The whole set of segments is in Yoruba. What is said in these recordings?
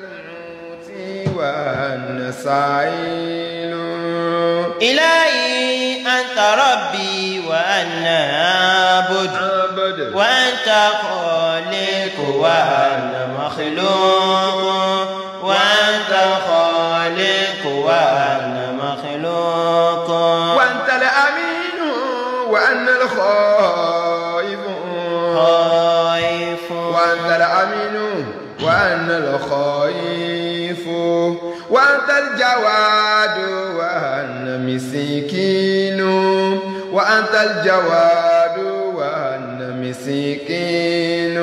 الموت وأنا إلهي أنت ربي وأنا عبد وأنت خالق وأنا مخلوق وأنت خالق وأنا مخلوق وأنت الأمين وأنا الخائف خائف وأنت الأمين وأنا الخائف وأنت الجواد وأنا مسكين وأنت الجواد وأنا مسكين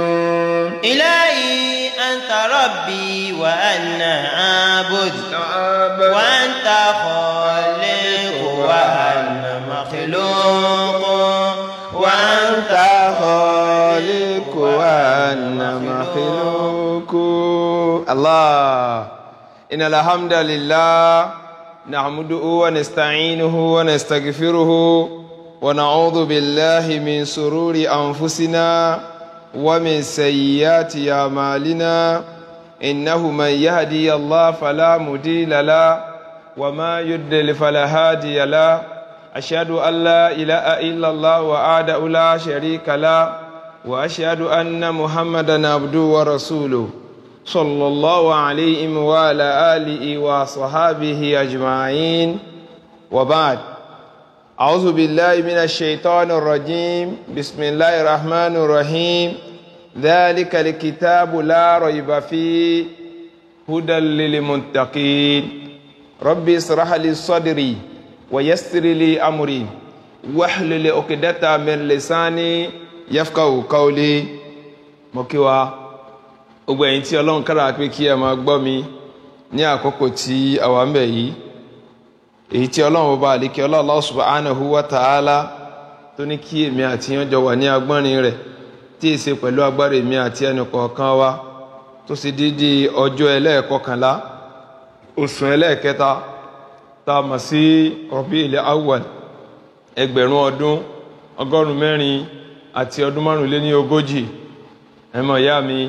إلهي أنت ربي وأنا عبد وأنت خالق وأنا مخلوق وأنت خالق وأنا مخلوق الله إن الحمد لله نحمده ونستعينه ونستغفره ونعوذ بالله من سرور أنفسنا ومن سيئات أعمالنا إنه من يهدي الله فلا مضل له وما يضلل فلا هادي له أشهد أن لا إله إلا الله وحده لا شريك له وأشهد أن محمدا عبده ورسوله صلى الله عليه وعلى آله وصحابه أجمعين وبعد أعوذ بالله من الشيطان الرجيم بسم الله الرحمن الرحيم ذلك الكتاب لا ريب فيه هدى للمتقين ربي اشرح لي صدري ويسر لي أمري واحلل عقدة من لساني يفقه قولي مكوى gbogbo ẹ̀yin ọlọrun ọlọ́run kára pé kí ẹ máa gbọ́ mi ní àkókò tí àwa ń bẹ yìí èyí tí ọlọ́run ọba àlékè Allah subhanahu wa ta'ala tó ní kí èmi àti yín jọ wà ní agbọ́nrin rẹ tí èsè pẹ̀lú agbára èmi àti ẹnì kọ̀ọ̀kan wa tó sì dídí ọjọ́ ẹlẹ́ẹ̀kọkànlá oṣù ẹlẹ́ẹ̀kẹta tá a mọ̀ sí Rabi'il Awwal ẹgbẹ̀rún ọdún ọgọ́rùn-ún àti ọdún márùn-ún lé ní ogójì ẹ̀mọ̀ ìyá mi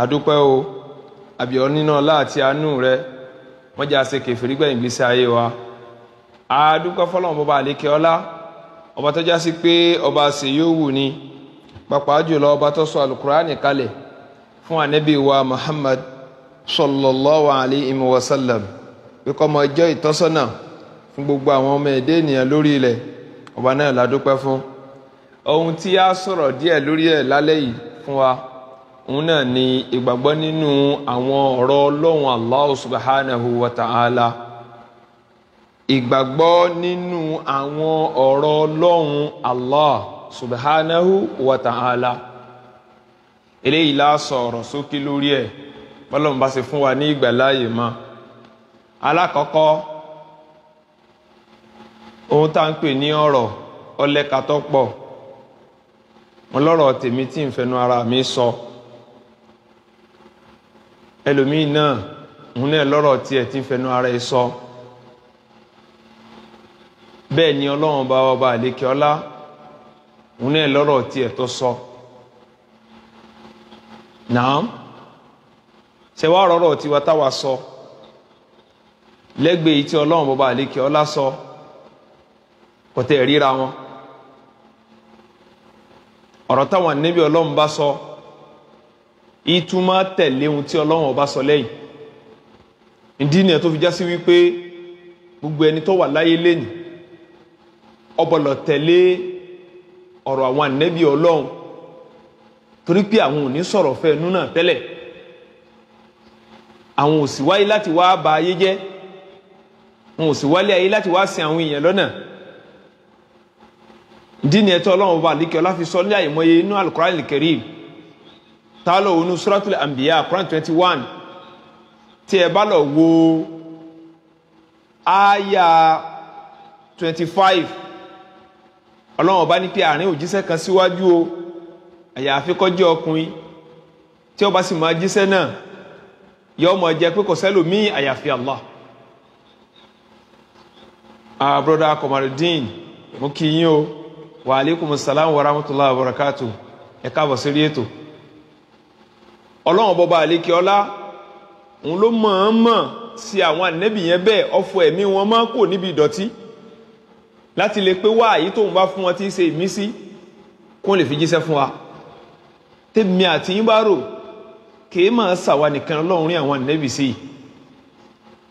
adúpẹ́ o àbíọ́ nínú ọlá àti àánú rẹ wọ́n jẹ́ àṣẹ kẹfìrí gbẹ̀yìn gbèsè ayé wa adúpẹ́ fọlọ́run bọ́ba àlékè ọlá ọba tó já sí pé ọba àṣẹ yóò wù ni pàápàá jùlọ ọba tó sọ alukurani kalẹ̀ fún anabi wa muhammad sallallahu alayhi wa sallam wíkọ́ ọmọ ẹjọ́ ìtọ́sọ́nà fún gbogbo àwọn ọmọ ẹ̀dẹ́ ènìyàn lórí ilẹ̀ ọba náà la dúpẹ́ fún ohun tí a sọ̀rọ̀ díẹ̀ lórí ẹ̀ lálẹ́ yìí fún wa. òun náà ni ìgbàgbọ́ nínú àwọn ọ̀rọ̀ ọlọ́run allah subhanahu wa ta'ala ìgbàgbọ́ nínú àwọn ọ̀rọ̀ ọlọ́run allah subhanahu wa ta'ala eléyìí la sọ̀rọ̀ sókè lórí ẹ̀ bọ́lọ́run bá ṣe fún wa ní ìgbàláyè mọ́ alákọ̀ọ́kọ́ ohun tá à ń pè ní ọ̀rọ̀ ọlẹ́ka tó pọ̀ wọn lọ́rọ̀ tèmi tí ń fẹnu ara mi sọ. So ẹlòmíì náà òun náà lọ́rọ̀ tiẹ̀ ti ń ara ẹ sọ bẹ́ẹ̀ ni ọlọ́run bá ọba àlékè ọlá òun sọ náà ṣe wá rọ́rọ̀ tiwa táwa sọ lẹ́gbẹ̀ẹ́ tí ọlọ́run àlékè sọ kọ̀tẹ́ ríra wọn ọ̀rọ̀ táwọn ọlọ́run sọ. So, ìtumọ̀ tẹ̀lé ohun tí ọlọ́run ọba sọ lẹ́yìn ìdí nìyẹn tó fi já sí wípé gbogbo ẹni tó wà láyé lẹ́yìn ọbọ̀lọ̀ tẹ̀lé ọ̀rọ̀ àwọn ànẹ́bí ọlọ́run torí pé àwọn ò ní sọ̀rọ̀ fẹ́ ẹnu náà tẹ́lẹ̀ àwọn ò sì wáyé láti wá bà ayé jẹ́ wọn ò sì wálé ayé láti wá sin àwọn èèyàn lọ́nà ìdí nìyẹn tó ọlọ́run ọba àlíkẹ́ ọlá fi sọ ní àyèmọ́ye inú Al-Qur'an al tá a lọ wọnú suratul anbiya quran twenty one tí ẹ bá lọ wo aya twenty five ọlọ́run ọba ní pé àárín òjíṣẹ́ kan síwájú o àyàfi kọjá ọkùnrin tí ó bá sì máa jíṣẹ́ náà yóò máa jẹ́ pé kò sẹ́lòmíì àyàfi Allah ah broda Komarudin mo kí yín o wa alaikumus salam wa rahmatullahi wa barakatuh ẹ káàbọ̀ sórí ètò ọlọ́run bọba àlékè ọlá òun ló mọ̀ọ́mọ̀ sí àwọn ànẹ́bì yẹn bẹ́ẹ̀ ọ̀fọ̀ ẹ̀mí wọn máa kò níbi ìdọ̀tí láti lè pé wá àyí tóun bá fún wọn tí í ṣe ìmísí kó lè fi jíṣẹ́ fún wa tèmi àti yín bá rò kèé máa ṣàwa nìkan ọlọ́run rí àwọn ànẹ́bì sí i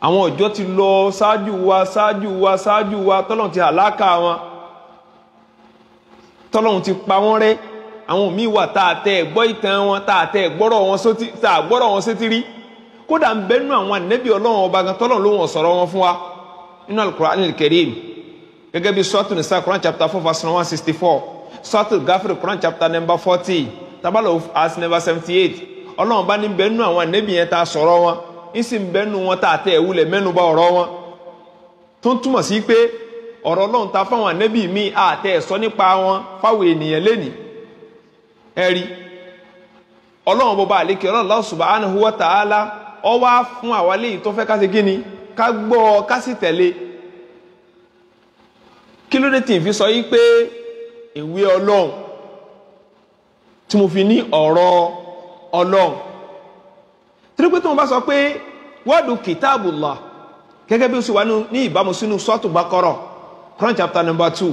àwọn ọjọ́ ti lọ ṣáájú wa ṣáájú wa ṣáájú wa tọ́lọ́run ti àlákà wọn tọ́lọ́run ti pa wọ́n rẹ́ àwọn míì wà tá a tẹ́ ẹ̀ gbọ́ ìtàn wọn tá a tẹ́ ẹ̀ gbọ́rọ̀ wọn sétí tá a gbọ́rọ̀ wọn sétí rí kódà ń bẹ nínú àwọn ànẹ́bí ọlọ́run ọba gan tọ́lọ̀ ló wọ̀n sọ̀rọ̀ wọn fún wa nínú alukur'an al-karim gẹ́gẹ́ bí sọ́ọ̀tù nìsa quran chapter four verse one sixty four sọ́ọ̀tù gáfírí quran chapter number forty tabalọ̀ as number seventy eight ọlọ́run bá ní bẹ nínú àwọn ànẹ́bí yẹn tá a sọ̀rọ̀ wọn ìsì ń bẹ nínú wọn tá a tẹ́ ẹ̀ mẹ́nu bá ọ̀rọ̀ wọn tó ń túmọ̀ sí pé ọ̀rọ̀ ọlọ́run ta fáwọn ànẹ́bí míì àtẹ̀ ẹ̀sọ́ nípa wọn fáwọn ènìyàn lénìí ẹ̀rí ọlọ́run bọba àlékè ọlọ́run Allah subhanahu wa ta'ala ọ wá fún àwa léyìí tó fẹ́ ká ṣe kíni ká gbọ́ ọ ká sì tẹ̀lé kí ló dé tí n fi sọ yìí pé ìwé ọlọ́run tí mo fi ní ọ̀rọ̀ ọlọ́run torí tí mo bá sọ pé wọ́ọ̀dù kitabullah gẹ́gẹ́ bí ó sì wà ní ìbámu sínú sọ́ọ̀tù Baqara Quran chapter number two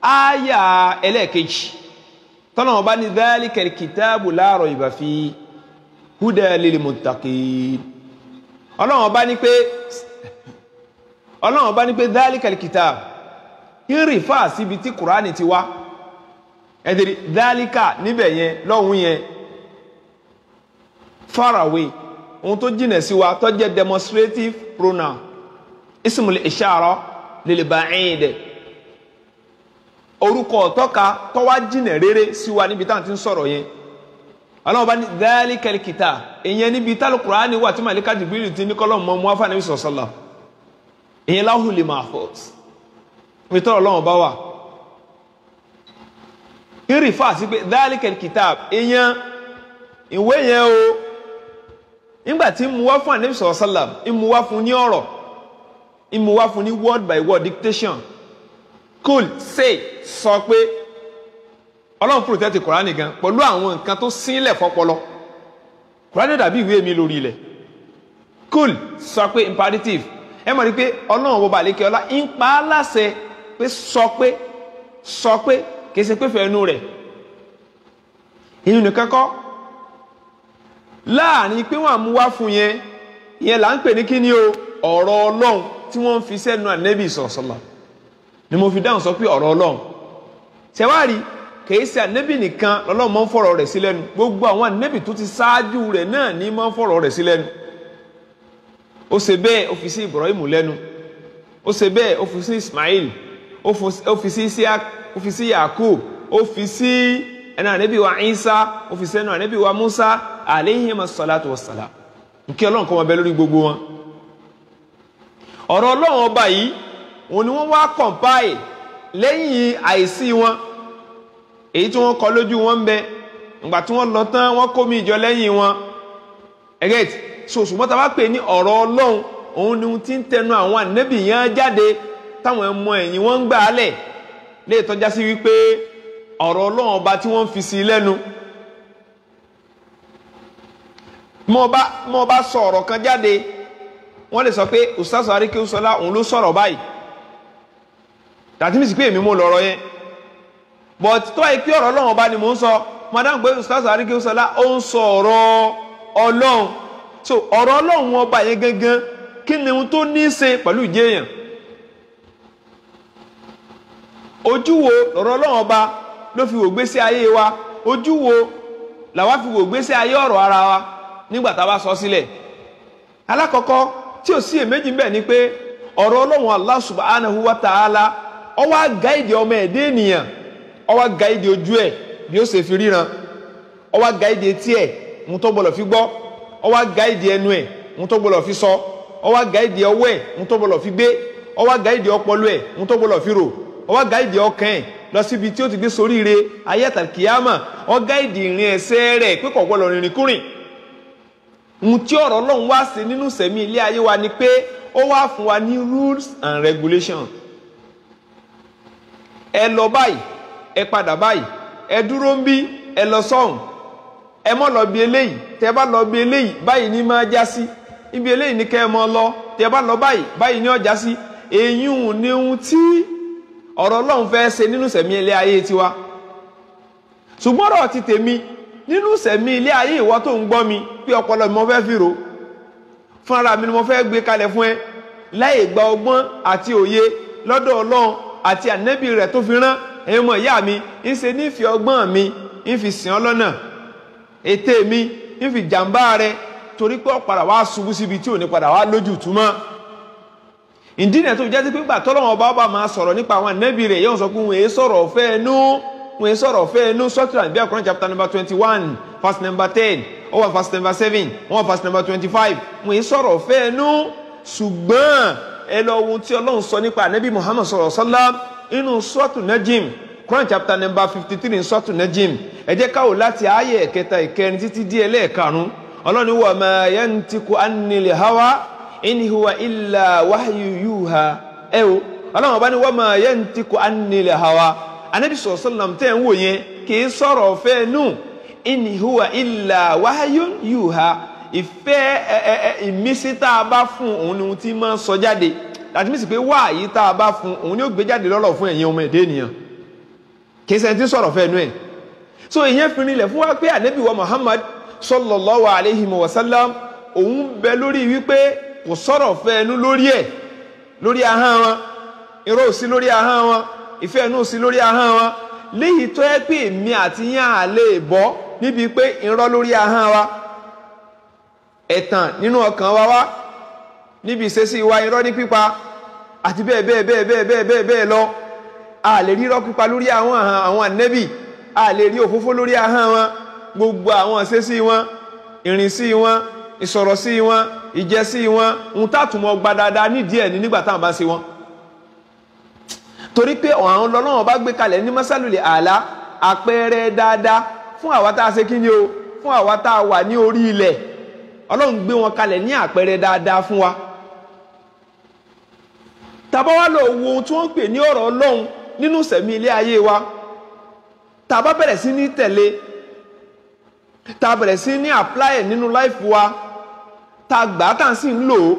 aya ẹlẹ́ẹ̀kejì tọ́nà ọba ní dhalika alkitabu la rayba fi huda lil muttaqin ọlọ́run ọba ní pé ọlọ́run ọba ní pé dhalika alkitabu ń rì fáà síbi tí kùránì ti wá ẹ̀dẹ̀rì dhalika níbẹ̀ yẹn lọ́hùn yẹn far ohun tó jìnà sí wa tó jẹ́ demonstrative pronoun ismul ishara lil ba'id orúkọ ọ̀tọ́ka tọ́wá jìnà rere sí wa níbi táwọn ti ń sọ̀rọ̀ yẹn ọlọ́run bá ní dhalikal kitab ìyẹn níbi tálùkùránì wà tí ti ní kọ́lọ́mù mọ́ muhafa nabi sọ̀sọ́lá ìyẹn láhùlì mahfuz fi tọ́rọ̀ ọlọ́run bá wà kiri fa sí pé ìyẹn ìwé o nígbà tí mu wá fún wá fún ní ọ̀rọ̀ by word dictation cool say. sọ pé ọlọ́run protect kùránì gan pẹ̀lú àwọn nǹkan tó sínlẹ̀ fọpọlọ kùránì dàbí ìwé mi lórí ilẹ̀ cool sọ pé imperative ẹ mọ̀ ní pé ọlọ́run bọba àlékè ọlá ń pa á láṣẹ pé sọ pé sọ pé kì í ṣe pé fẹ́ẹ́nu rẹ̀ èyí nìkan kọ́ láàrin pé wọ́n àmú wá fún yẹn ìyẹn là ń pè ní kí ni o ọ̀rọ̀ ọlọ́run tí wọ́n ń fi sẹ́nu ànẹ́bì sọ̀sọ̀lá ni mo fi dáhùn sọ pé ọ̀rọ̀ ọlọ́run tẹ̀wárí kìí ṣe ànẹ́bì nìkan lọ́lọ́run máa ń fọ̀rọ̀ rẹ̀ sí lẹ́nu gbogbo àwọn ànẹ́bì tó ti ṣáájú rẹ̀ náà ní máa ń fọ̀rọ̀ rẹ̀ sí lẹ́nu ó ṣe bẹ́ẹ̀ ó fi sí Ibrahim lẹ́nu ó ṣe bẹ́ẹ̀ ó fi Ismail ó fi sí Yakub ó fi sí wa Isa ó fi sí wa Musa alayhima salatu wassalam nkí Ọlọ́run kọ́ wọn bẹ lórí gbogbo wọn ọ̀rọ̀ Ọlọ́run ọba yìí òun ni wọ́n wá kọ̀ǹpáì lẹ́yìn àìsí wọn èyí tí wọ́n kọ lójú wọn ń bẹ ìgbà tí wọ́n lọ tán wọ́n kó mi ìjọ lẹ́yìn wọn ẹgẹt so ṣùgbọ́n tá a bá pè ní ọ̀rọ̀ Ọlọ́run òun ni ohun tí ń tẹnu àwọn ànẹ́bì yẹn jáde táwọn ẹmọ ẹ̀yìn wọn ń gbà á lẹ̀ lè e tọ́já sí wípé ọ̀rọ̀ Ọlọ́run ọba tí wọ́n fi sí lẹ́nu mọ́ ọba sọ ọ̀rọ̀ kan jáde wọ́n lè sọ pé ustaz Arike Usola òun ló sọ̀rọ̀ báyìí tàbí mi sì pé èmi mo lọ̀rọ̀ yẹn but tó wáyé kí ọ̀rọ̀ ọlọ́run ọba ni mò ń sọ madam gbé ustaz arikiusola ó ń sọ ọ̀rọ̀ ọlọ́run so ọ̀rọ̀ ọlọ́run ọba yẹn gangan kí ni ohun tó ní í ṣe pẹ̀lú ìjẹyàn ojú wo ọ̀rọ̀ ọlọ́run ọba ló fi wò gbésí ayé wa ojú wo làwa fi wò gbésí ayé ọ̀rọ̀ ara wa nígbà tá a bá sọ sílẹ̀ alákọ̀ọ́kọ́ tí ò sí èméjì bẹ́ẹ̀ ni pé ọ̀rọ̀ ọlọ́run wa ọwá gáìdì ojú ẹ̀ bí ó ṣe fi ríran ọwá gáìdì etí ẹ̀ ń tó gbọ́dọ̀ fi gbọ́ ọwá gáìdì ẹnu ẹ̀ ń tó gbọ́dọ̀ fi sọ ọwá gáìdì ọwọ́ ẹ̀ ń tó gbọ́dọ̀ fi gbé ọwá gáìdì ọpọlọ ẹ̀ ń tó gbọ́dọ̀ fi rò ọwá gáìdì ọkàn ẹ̀ lọ síbi tí ó ti gbé soríire ayé àtàkìyàmà ọgá ìdì ìrìn ẹsẹ̀ rẹ̀ pé kò gbọ́dọ̀ rìnrìn kúrìn ohun tí ọ̀rọ̀ Ọlọ́run wá sí nínú sẹmí ilé ayé wa ni pé ó wá fún wa ní rules and regulations ẹ lọ báyìí ẹ padà báyìí ẹ dúró ń bí ẹ lọ sọ́hùn ẹ mọ́ lọ bí eléyìí tẹ bá lọ bí eléyìí báyìí ní máa já sí ibi eléyìí ní kẹ́ ẹ mọ́ lọ tẹ bá lọ báyìí báyìí ní ọjà sí èyí ò ní ohun tí ọ̀rọ̀ ọlọ́run fẹ́ ṣe nínú sẹ̀mí ilé ayé tiwa ṣùgbọ́n ọ̀rọ̀ ti tèmi nínú sẹ̀mí ilé ayé ìwọ tó ń gbọ́ mi pé ọpọlọ mi mo fẹ́ fi rò fúnra mi ni mo fẹ́ gbé kalẹ̀ fún ẹ láì gba ọgbọ́n àti òye lọ́dọ̀ ọlọ́run àti ànẹ́bí rẹ̀ tó fi rán ẹ̀yin ọmọ ìyá mi ń ṣe nífẹ̀ẹ́ ọgbọ́n mi ń fi sìn ọ́ lọ́nà ète mi ń fi jàǹbá rẹ torí pé ó padà wá ṣubú síbi tí ò ní padà wá lójú túmọ̀ ìdí nìyẹn tó fi jásí pé gbà tọ́lọ́wọ́n ọba ọba máa sọ̀rọ̀ nípa àwọn ànábì rẹ̀ yóò sọ pé wọ́n èé sọ̀rọ̀ ọ̀fẹ́ ẹnu wọ́n èé sọ̀rọ̀ ọ̀fẹ́ ẹnu sọ́tìrà níbí àkùrán chapter number twenty one verse number ten ó wà verse number seven wọ́n verse number twenty five wọ́n èé sọ̀rọ̀ ọ̀fẹ́ ẹnu ṣùgbọ́n ẹ lọ ohun tí ọlọ́run sọ nípa ànábì Muhammad sọ̀rọ̀ sọ́lá inú sọ́ọ̀tù najim Quran chapter number fifty three sọ́ọ̀tù najim ẹ jẹ́ ká wò láti ààyè ẹ̀kẹta ìkẹrin títí dí ẹlẹ́ẹ̀karùn-ún ọlọ́ni wà ma yantiku anil hawa in huwa illa wahyu yuha ẹ o ọlọ́run ọba ni wà ma yantiku anil hawa anabi sọ̀rọ̀ sọ́làm tẹ́ ń wò yẹn kì í sọ̀rọ̀ fẹ́ nù in huwa illa wahyu ìfẹ́ ìmísí tá a bá fún òun ni ohun tí máa ń sọ jáde láti mí sì pé wá yìí tá a bá fún òun ni ó gbé jáde lọ́rọ̀ fún ẹ̀yin ọmọ èdè ènìyàn kì í sẹ́ni tí sọ̀rọ̀ fẹ́ nu ẹ̀ so ìyẹn fi rinlẹ̀ fún wa pé ànábì wa Muhammad sallallahu alayhi wa sallam òun bẹ lórí wípé kò sọ̀rọ̀ fẹ́ ẹnu lórí ẹ̀ lórí ahọ́n wọn irọ́ ò sí lórí ahọ́n wọn ìfẹ́ ẹnu ò sí lórí ahọ́n wọn léyìí tó yẹ pé èmi àti yín à lè bọ́ níbi pé irọ́ lórí ahọ́n wa ẹ̀tàn nínú ọkàn wa wá níbi ìṣesí wa irọ́ ní pípa àti bẹ́ẹ̀ bẹ́ẹ̀ bẹ́ẹ̀ bẹ́ẹ̀ bẹ́ẹ̀ bẹ́ẹ̀ bẹ́ẹ̀ lọ a lè rí irọ́ pípa lórí àwọn ahọ́n àwọn ànẹ́bì a lè rí òfófó lórí ahọ́n wọn gbogbo àwọn ìṣesí wọn ìrìnsí wọn ìsọ̀rọ̀ sí wọn ìjẹsí wọn ń tàtùmọ̀ gba dáadáa nídìí ẹ̀ ní nígbà táwọn bá ń ṣe wọn. torí pé àwọn lọ́lọ́wọ́n bá gbé kalẹ̀ ní mọ́sálùlẹ̀ àlá àpẹẹrẹ dáadáa fún àwa tá a ṣe kí ni o fún àwa tá a wà ní orí ilẹ̀ ọlọ́run gbé wọn kalẹ̀ ní àpẹẹrẹ dáadáa fún wa tàbá wá lọ wo ohun tí wọ́n ń pè ní ọ̀rọ̀ ọlọ́run nínú ìsẹ̀mí ilé ayé wa tàbá bẹ̀rẹ̀ sí ní tẹ̀lé tá bẹ̀rẹ̀ sí ní apply ẹ̀ nínú life wa tá gbà á tàn sí ń lò ó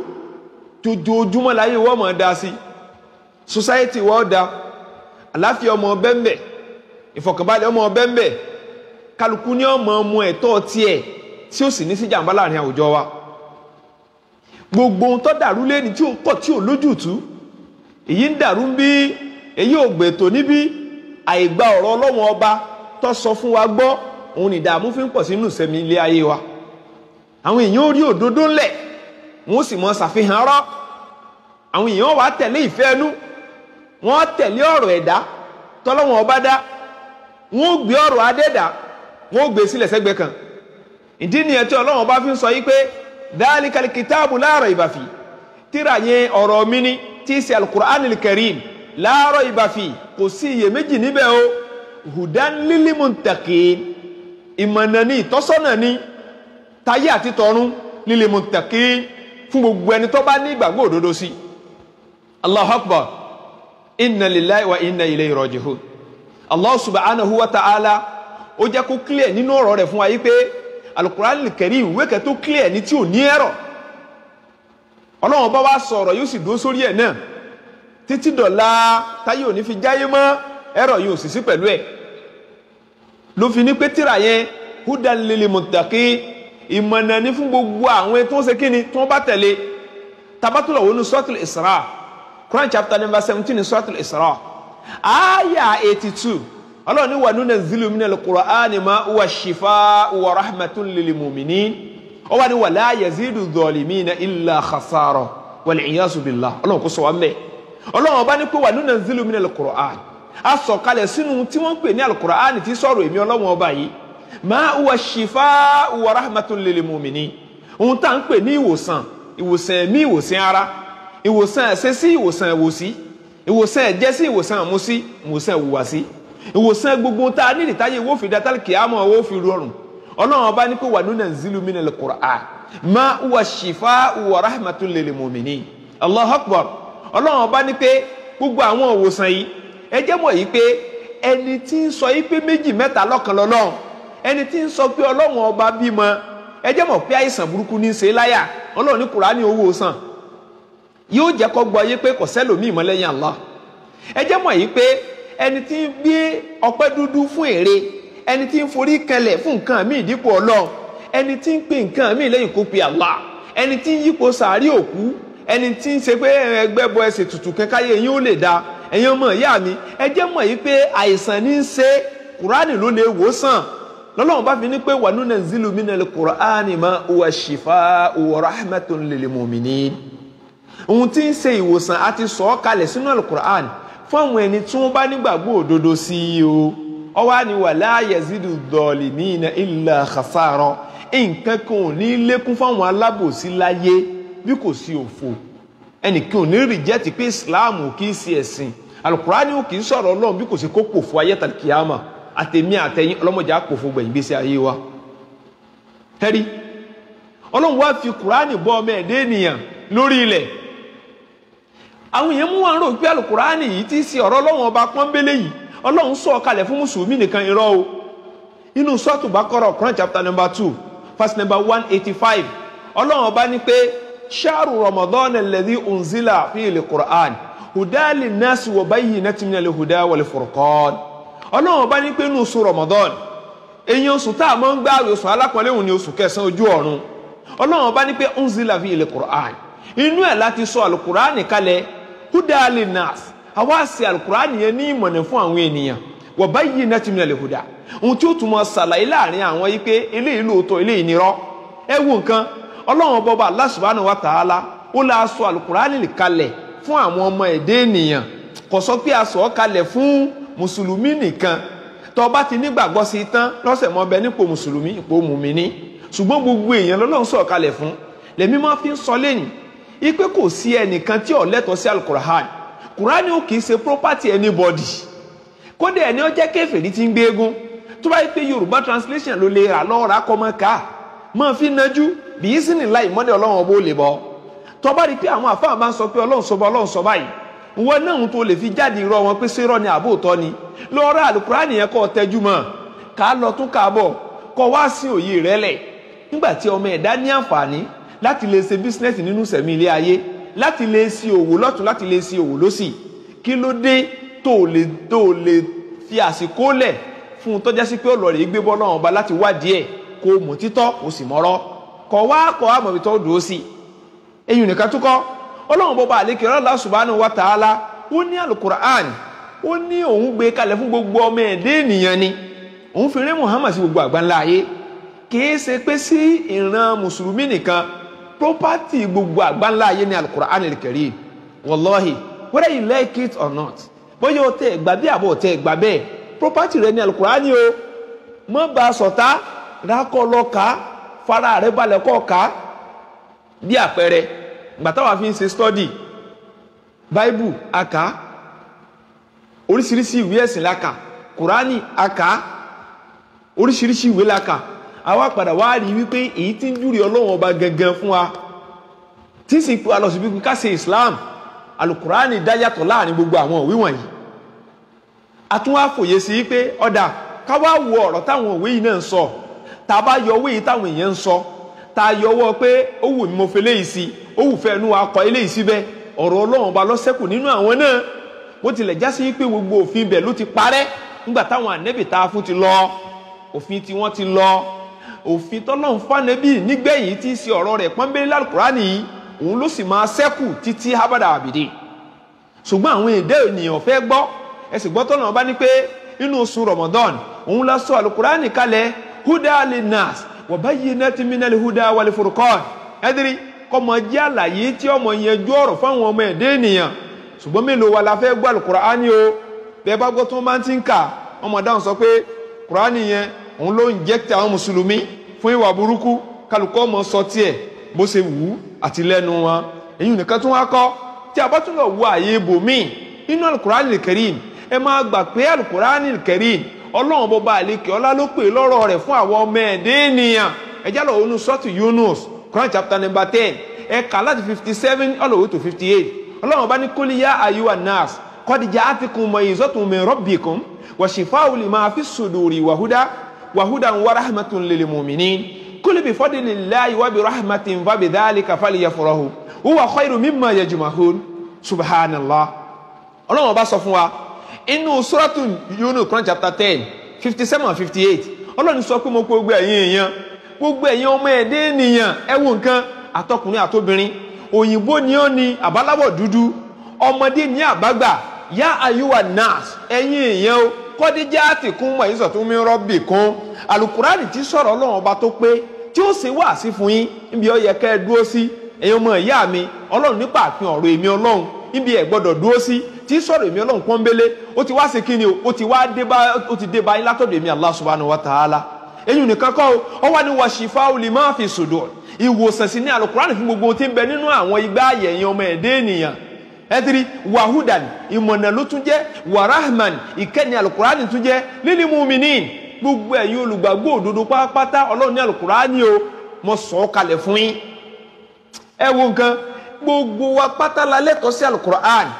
jojoojúmọ́ láyé wọ́n mọ̀ da sí society wọ́n da àláfíà ọmọ bẹ́ńbẹ̀ ìfọ̀kànbalẹ̀ ọmọ bẹ́ńbẹ̀ kálukú ní ọmọ ọmọ ẹ̀tọ́ tiẹ̀ tí ó sì ní sí jàǹbá láàrin àwùjọ wa gbogbo ohun tó dàrú lẹ́ni tí ó ń pọ̀ tí ò lójútùú èyí ń dàrú ń bí èyí ò gbètò níbí àìgbà ọ̀rọ̀ ọlọ́wọ́n ọba tó sọ fún wa gbọ́ òun nìdààmú fi ń pọ̀ sínú ìsẹ̀mí ilé ayé wa àwọn èèyàn ó rí òdodo ńlẹ̀ wọn ó sì mọ ṣàfihàn rọ́ àwọn èèyàn wàá tẹ̀lé ìfẹ́ ẹnu wọ́n tẹ̀lé ọ̀rọ̀ ẹ̀dá tọ́lọ́wọ́n ọba dá wọ́n ó gbé ọ̀rọ̀ adẹ́dá wọ́n ó gbé sílẹ̀ sẹ́gbẹ́ kan ìdí nìyẹn tí ọlọ́wọ́n ọba fi ń sọ yí pé dáálí kalikitaabu la raiba tíra yẹn ọ̀rọ̀ mi ni tí í ṣe alukur'an al-karim la rayba fi kò sí iyèméjì níbẹ̀ o hudan lil muttaqin ìmọ̀nà ni ìtọ́sọ́nà ni tayé àti tọ̀run lil muttaqin fún gbogbo ẹni tó bá ní ìgbàgbọ́ òdodo sí Allahu akbar inna lillahi wa inna ilayhi raji'un Allah subhanahu wa ta'ala ó jẹ́ kó clear nínú ọ̀rọ̀ rẹ̀ fún wa yí pé alukur'an al-karim tó clear ní tí ò ní ẹ̀rọ ọlọ́run bá wá sọ̀rọ̀ yóò sì dúró sórí ẹ̀ náà títí dọ̀la táyé òní fi jáyé mọ́ ẹ̀rọ yóò sì sí pẹ̀lú ẹ̀ ló fi ní pé tírà yẹn hudan lil muttaqi ìmọ̀nà ní fún gbogbo àwọn tó ń ṣe kíni tó ń bá tẹ̀lé tabatulọ̀ wọnú suratul Isra Quran chapter number seventeen suratul Isra aya eighty two ọlọ́run ní wa nunazzilu minal Qur'ani ma huwa shifaa'un wa rahmatun lil ọ wá ní wala yazidu dhalimina illa khasara wal iyasu billah ọlọ́run kò sọ wá mẹ́ ọlọ́run ọba ní pé wà nunazzilu min al-Qur'an a sọ kalẹ̀ sínú tí wọ́n ń pè ní al-Qur'an ti sọ̀rọ̀ èmi ọlọ́run ọba yìí ma huwa shifa'u wa rahmatun lil mu'minin ohun tá à ń pè ní ìwòsàn ìwòsàn ẹ̀mí ìwòsàn ara ìwòsàn ẹ̀sẹ̀ sí ìwòsàn ẹ̀wòsí ìwòsàn ẹ̀jẹ̀ sí ìwòsàn àmúsí ìwòsàn ìwòsàn gbogbo tá a nídìí táyé wọ́n fi dátàlì kìámọ̀ wọ́n fi rọrùn ọlọ́run ọba ní kó wà nínú nàìjíríà mi nílẹ̀ Qur'an má wà ṣìfà wà rahmatul lil mu'minin Allahu akbar ọlọ́run ọba ní pé gbogbo àwọn òwòsàn yìí ẹ jẹ́ mọ̀ yìí pé ẹni tí ń sọ yìí pé méjì mẹ́ta lọ́kan lọ́lọ́run ẹni tí ń sọ pé ọlọ́run ọba bímọ ẹ jẹ́ mọ̀ pé àìsàn burúkú ní í ṣe láyà ọlọ́run ní Kùránì owó ẹni tí ń forí kanlẹ̀ fún nǹkan míì dípò ọlọ́run ẹni tí ń pè nǹkan míì lẹ́yìn kó pe Allah ẹni tí ń yípo sàárì òkú ẹni tí ń ṣe pé ẹgbẹ́ bọ ẹsẹ̀ tutù kẹ́káyé yín ó lè da ẹ̀yin ọmọ ìyá mi ẹ jẹ́ mọ̀ yìí pé àìsàn ní í ṣe kùránì ló lè wò sàn lọ́lọ́run bá fi ní pé wà nínú zilu mi nàlẹ́ kùránì ma huwa shifa'u wa rahmatun lil mu'minin ohun tí ń ṣe ìwòsàn àti sọ̀ọ́ kalẹ̀ sínú àlùkùránì fún àwọn ẹni tí wọ́n bá nígbàgbọ́ òdodo sí i o ọwọ́ ni wala yazidu dhalimina illa khasara nǹkan kan ò ní lékún fáwọn alábòsí láyé bí kò sí òfò ẹnìkan ò ní rìjẹ́tì pé islam ò kì í ṣe ẹ̀sìn alukurani ò kì í sọ̀rọ̀ ọlọ́run bí kò sí kó pòfo ayé tàlkìyàmà àtẹ̀mí àtẹ̀yìn ọlọ́mọdé àpòfo gbẹ̀yìn gbèsè ayé wa tẹ́rí ọlọ́run wá fi kùránì bọ́ ọmọ ẹ̀dẹ́ ènìyàn lórí ilẹ̀ àwọn èèyàn mú wọn rò pé alukurani yìí ti ṣe ọ̀rọ̀ ọlọ́run ọba pọ́nbélé yìí ọlọ́run sọ̀ kalẹ̀ fún mùsùlùmí nìkan irọ́ o inú sọ́ọ̀tù Baqarah Quran chapter number two verse number one eighty five ọlọ́run ọba ní pé ṣáàrù Ramadan alladhi unzila fíìlì Quran hudali nasi wa bayyinatin minal huda wal furqan ọlọ́run ọba ní pé inú oṣù Ramadan èyí oṣù tá a máa ń gbààwẹ̀ oṣù alápọ̀nlé òun ni oṣù kẹsàn-án ojú ọ̀run ọlọ́run ọba ní pé unzila fíìlì Quran inú ẹ̀ láti sọ alukur'an kalẹ̀ hudali nasi àwa sì alukur'ani yẹn ní ìmọ̀nà fún àwọn ènìyàn wa bayyinatin minal huda ohun tí ó tún mọ ṣàlàyé láàrin àwọn yìí pé eléyìí lóòótọ́ eléyìí nírọ́ ẹ wo nǹkan ọlọ́run bọ́ba Allah subhanahu wa ta'ala ó la sọ alukur'ani kalẹ̀ fún àwọn ọmọ ẹ̀dẹ́ ènìyàn kò sọ pé a sọ ọ́ kalẹ̀ fún mùsùlùmí nìkan tó bá ti nígbàgbọ́ sí tán lọ́sẹ̀ mọ́ bẹ nípò mùsùlùmí ipò mùmíní ṣùgbọ́n gbogbo èèyàn lọ́lọ́run sọ̀ kalẹ̀ fún lèmi máa fi ń sọ lẹ́yìn ipe kò sí ẹnìkan tí ó sí alukur'ani kùránì ò kì í ṣe property anybody kódà ẹni ó jẹ́ kèfèrí tí ń gbé egun tó bá pé yorùbá translation ló lè rà lọ́ọ́ rà mọ́ ká mọ́ fi nájú bí í sì ní láì mọ́ni ọlọ́run ọba ó lè bọ́ tó bá rí pé àwọn àfáà máa ń sọ pé ọlọ́run sọ bá ọlọ́run sọ báyìí wọn náà tó lè fi jáde irọ́ wọn pé sẹ́rọ̀ ni àbò tọ́ ni lọ́ọ́ rà àlùkùránì yẹn kọ́ tẹ́jú mọ́ ká lọ tún káàbọ̀ kọ́ wá sí òye rẹ̀ lẹ̀ nígbà tí ọmọ ẹ̀dá ní àǹfààní láti lè ṣe bísínẹ́sì nínú sẹ̀mí ilé ayé láti lè sí òwò lọ́tún láti lè sí òwò lọ́sì kí ló dé tó lè tó lè fi àsìkò lẹ̀ fún un tọ́já sí pé ọlọ́rẹ̀ gbé bọ́ náà ọba láti wádìí ẹ̀ kó mọ̀ títọ́ kó sì mọ́rọ́ kọ̀ wá kọ̀ wá mọ̀ títọ́ dùn ó sì eyín nìkan tó kọ́ ọlọ́run bọ́ba àlékè Allah subhanahu wa ta'ala ó ní alukur'an ó ní òun gbé kalẹ̀ fún gbogbo ọmọ ẹ̀dẹ́ ènìyàn ni òun fi rẹ́ Muhammad sí gbogbo àgbáńlá ayé kì í ṣe pé sí ìran mùsùlùmí nìkan property gbogbo àgbáńlá ayé ní alukur'an al-karim wallahi whether you like it or not bóyá o tẹ ẹgbà bí àbọ̀ tẹ ẹgbà bẹ́ẹ̀ property rẹ ní alukur'an ni o mọ́ bá a sọ̀tá fara rẹ balẹ̀ kọ́ ká bí àpẹẹrẹ gbàtà wà fi ń ṣe study bible aka oríṣiríṣi ìwé ẹ̀sìn la kà kùránì aka oríṣiríṣi ìwé la kà àwa padà wá rí wípé èyí tí ń júrì ọlọ́run ọba gangan fún wa tí sì pé alọ́sibí ká ṣe Islam alukurani dá yàtọ̀ láàrin gbogbo àwọn òwe wọ̀nyí àtúnwá fòye sí pé ọ̀dà ká wá wo ọ̀rọ̀ táwọn òwe yìí náà ń sọ tá a bá yọ owó yìí táwọn èèyàn ń sọ tá a yọ owó pé ó wù mí mo fẹ́ léyìí sí ó wù fẹ́ nu akọ eléyìí síbẹ̀ ọ̀rọ̀ ọlọ́run ọba lọ́sẹ̀kù nínú àwọn náà bó tilẹ̀ já sí pé gbogbo òfin ibẹ̀ ló ti parẹ́ nígbà táwọn ànẹ́bì fún ti lọ òfin tí wọ́n ti lọ òfin tọ́lọ́run fánẹ́bí nígbẹ̀yìn tí í ṣe ọ̀rọ̀ rẹ̀ pọ́nbélé lálùkùránì yìí òun ló sì máa ṣẹ́kù títí habada àbìdí ṣùgbọ́n àwọn èdè ènìyàn fẹ́ gbọ́ ẹ sì gbọ́ tọ́lọ́run bá ní pé inú oṣù Ramadan òun la sọ àlùkùránì kalẹ̀ huda linnas wa bayyinatin minal huda wal furqan ẹ̀dírí kọ́mọ jẹ́ àlàyé tí ọmọ yẹn ju ọ̀rọ̀ fáwọn ọmọ èdè wa la fẹ́ gbọ́ àlùkùránì o bẹ́ẹ̀ bá gbọ́ tó máa ti òun ló inject àwọn mùsùlùmí fún ìwà burúkú kálukọ́ mọ sọ tiẹ̀ bó ṣe wù ú àti lẹ́nu wọn èyí nìkan tún wá kọ́ tí a bá tún lọ wo àyè ibòmíì nínú alukurani kẹrin ẹ máa gbà pé alukurani kẹrin ọlọ́run bọba àlekè ọlá ló pè lọ́rọ̀ rẹ̀ fún àwọn ọmọ ẹ̀dẹ́ ènìyàn ẹ jálọ̀ onú sọ́ọ̀tù Yunus Quran chapter number ten ẹ kà láti fifty seven all the way to fifty eight ọlọ́run bá ní kólíyá ayúwa nas kọ́díjà àtikùn mọ̀ ìzọ́tùn mi rọ́bìkùn wàṣífáwùlì máa fi sùdùrì wàhúdá wahudan wa rahmatun lil mu'minin kuli bi fadlillahi wa bi rahmatin fa bi dhalika falyafrahu huwa khairu mimma yajma'un subhanallah ọlọ́run ọba sọ fún wa inú suratu yunus quran chapter ten fifty seven fifty eight ọlọ́run sọ pé mo kó gbogbo ẹ̀yin èèyàn gbogbo ẹ̀yin ọmọ ẹ̀dẹ́ ènìyàn ẹ wo àtọkùnrin àtobìnrin òyìnbó ni ó ni àbáláwọ̀ dúdú ọmọdé ní àbágbà yá ayúwa nas ẹ̀yin èèyàn o kọ́díjà àtìkún mọ̀ ìsọ̀ tó mi rọ́bì kan alukurani ti sọ̀rọ̀ ọlọ́run ọba tó pé tí ó ṣe wáàsí fún yín níbi ó yẹ kẹ́ ẹ dúró sí ẹ̀yin ọmọ ìyá mi ọlọ́run nípa àfihàn ọ̀rọ̀ èmi ọlọ́run níbi ẹ̀ gbọ́dọ̀ dúró sí tí sọ̀rọ̀ èmi ọlọ́run ó ti wá sí o ti wá dé ti dé látọ̀dọ̀ èmi wa kọ́ ẹtiri wahudan ìmọ̀nà ló tún jẹ́ warahman ìkẹ́ni alukurani tún jẹ́ lílí muminin gbogbo ẹ̀yin olùgbàgbọ́ òdodo pátápátá ọlọ́run ní alukurani o mo sọ ọ́ kalẹ̀ fún yín ẹ wo nǹkan gbogbo wa pátá la lẹ́tọ̀ọ́ sí alukurani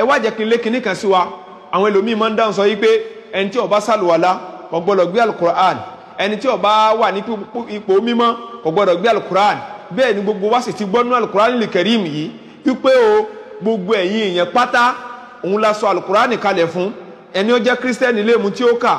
ẹ wá jẹ́ kí n lé kinní kan sí wa àwọn ẹlòmíín máa ń dáhùn sọ yìí pé ẹni tí ó sàlùwàlá kò gbọ́dọ̀ gbé alukurani ẹni tí ó wà ní ipò mímọ́ kò gbọ́dọ̀ gbé alukurani bẹ́ẹ̀ ni gbogbo wa sì ti gbọ́nú alukurani lè kẹrí mi yìí o gbogbo ẹ̀yin èèyàn pátá òun la sọ alukurani kalẹ̀ fún ẹni ó jẹ́ kírísítẹ́nì lè mu tí ó kà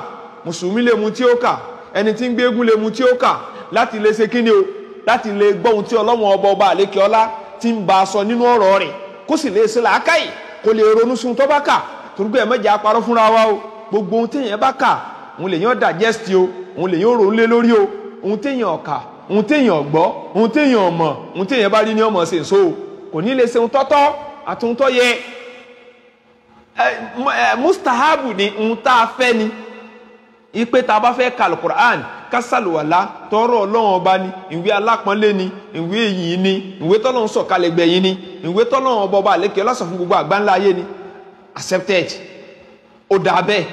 mùsùlùmí lè mu tí ó kà ẹni tí ń gbé eégún lè mu tí ó kà láti lè ṣe kíni o láti lè gbọ́ ohun tí ọlọ́wọ́n ọba ọba àlékè ọlá ti ń ba a sọ nínú ọ̀rọ̀ rẹ̀ kó sì lè ṣe làákàyè kó lè ronú sun tó bá kà torúkọ ẹ̀ mẹ́jẹ̀ apárọ̀ fúnra wa o gbogbo ohun téèyàn bá kà òun lè digest o òun lè yàn lé lórí o ohun téèyàn ọ̀kà ohun téèyàn ọ̀gbọ́ ohun téèyàn ọ̀mọ̀ ohun téèyàn bá rí ní ọmọ ṣèṣo kò ní lè ṣe ohun tọ́tọ́ àtúntọ́ yẹ mustahabu ni ń tá a ni ipe ta a bá fẹ́ ka alukur'an kásàlùwàlá tọrọ ọlọ́run ọba ni ìwé alápọ̀nlé ni ìwé èyí ni ìwé tọ́lọ́run sọ̀kalẹ̀ gbẹ̀yìn ni ìwé tọ́lọ́run ọba aleke àlékè ọlọ́sàn gbogbo agbanla ayé ni accepted o dà bẹ́ẹ̀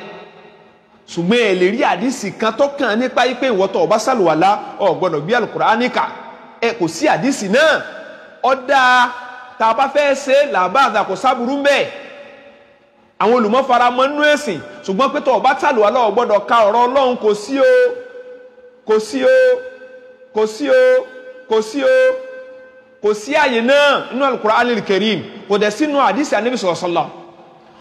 ṣùgbọ́n ẹ lè rí àdìsí kan tó nípa ipe ìwọ́tọ̀ ọba saluwala ò gbọ́dọ̀ gbé alukur'an níkà ẹ kò sí àdìsí náà ó tá a bá fẹ́ ṣe làbá àdàkọ sábúrú bẹ́ẹ̀ àwọn olùmọ̀faramọ́ nú ẹ̀sìn ṣùgbọ́n pé tó o bá tàlùwà lọ́wọ́ gbọ́dọ̀ ka ọ̀rọ̀ ọlọ́run kò sí o kò sí o kò sí o kò sí o kò sí àyè náà nínú Al-Qur'an Al-Karim kò dẹ̀ sínú àdìsí Ànábì sallallahu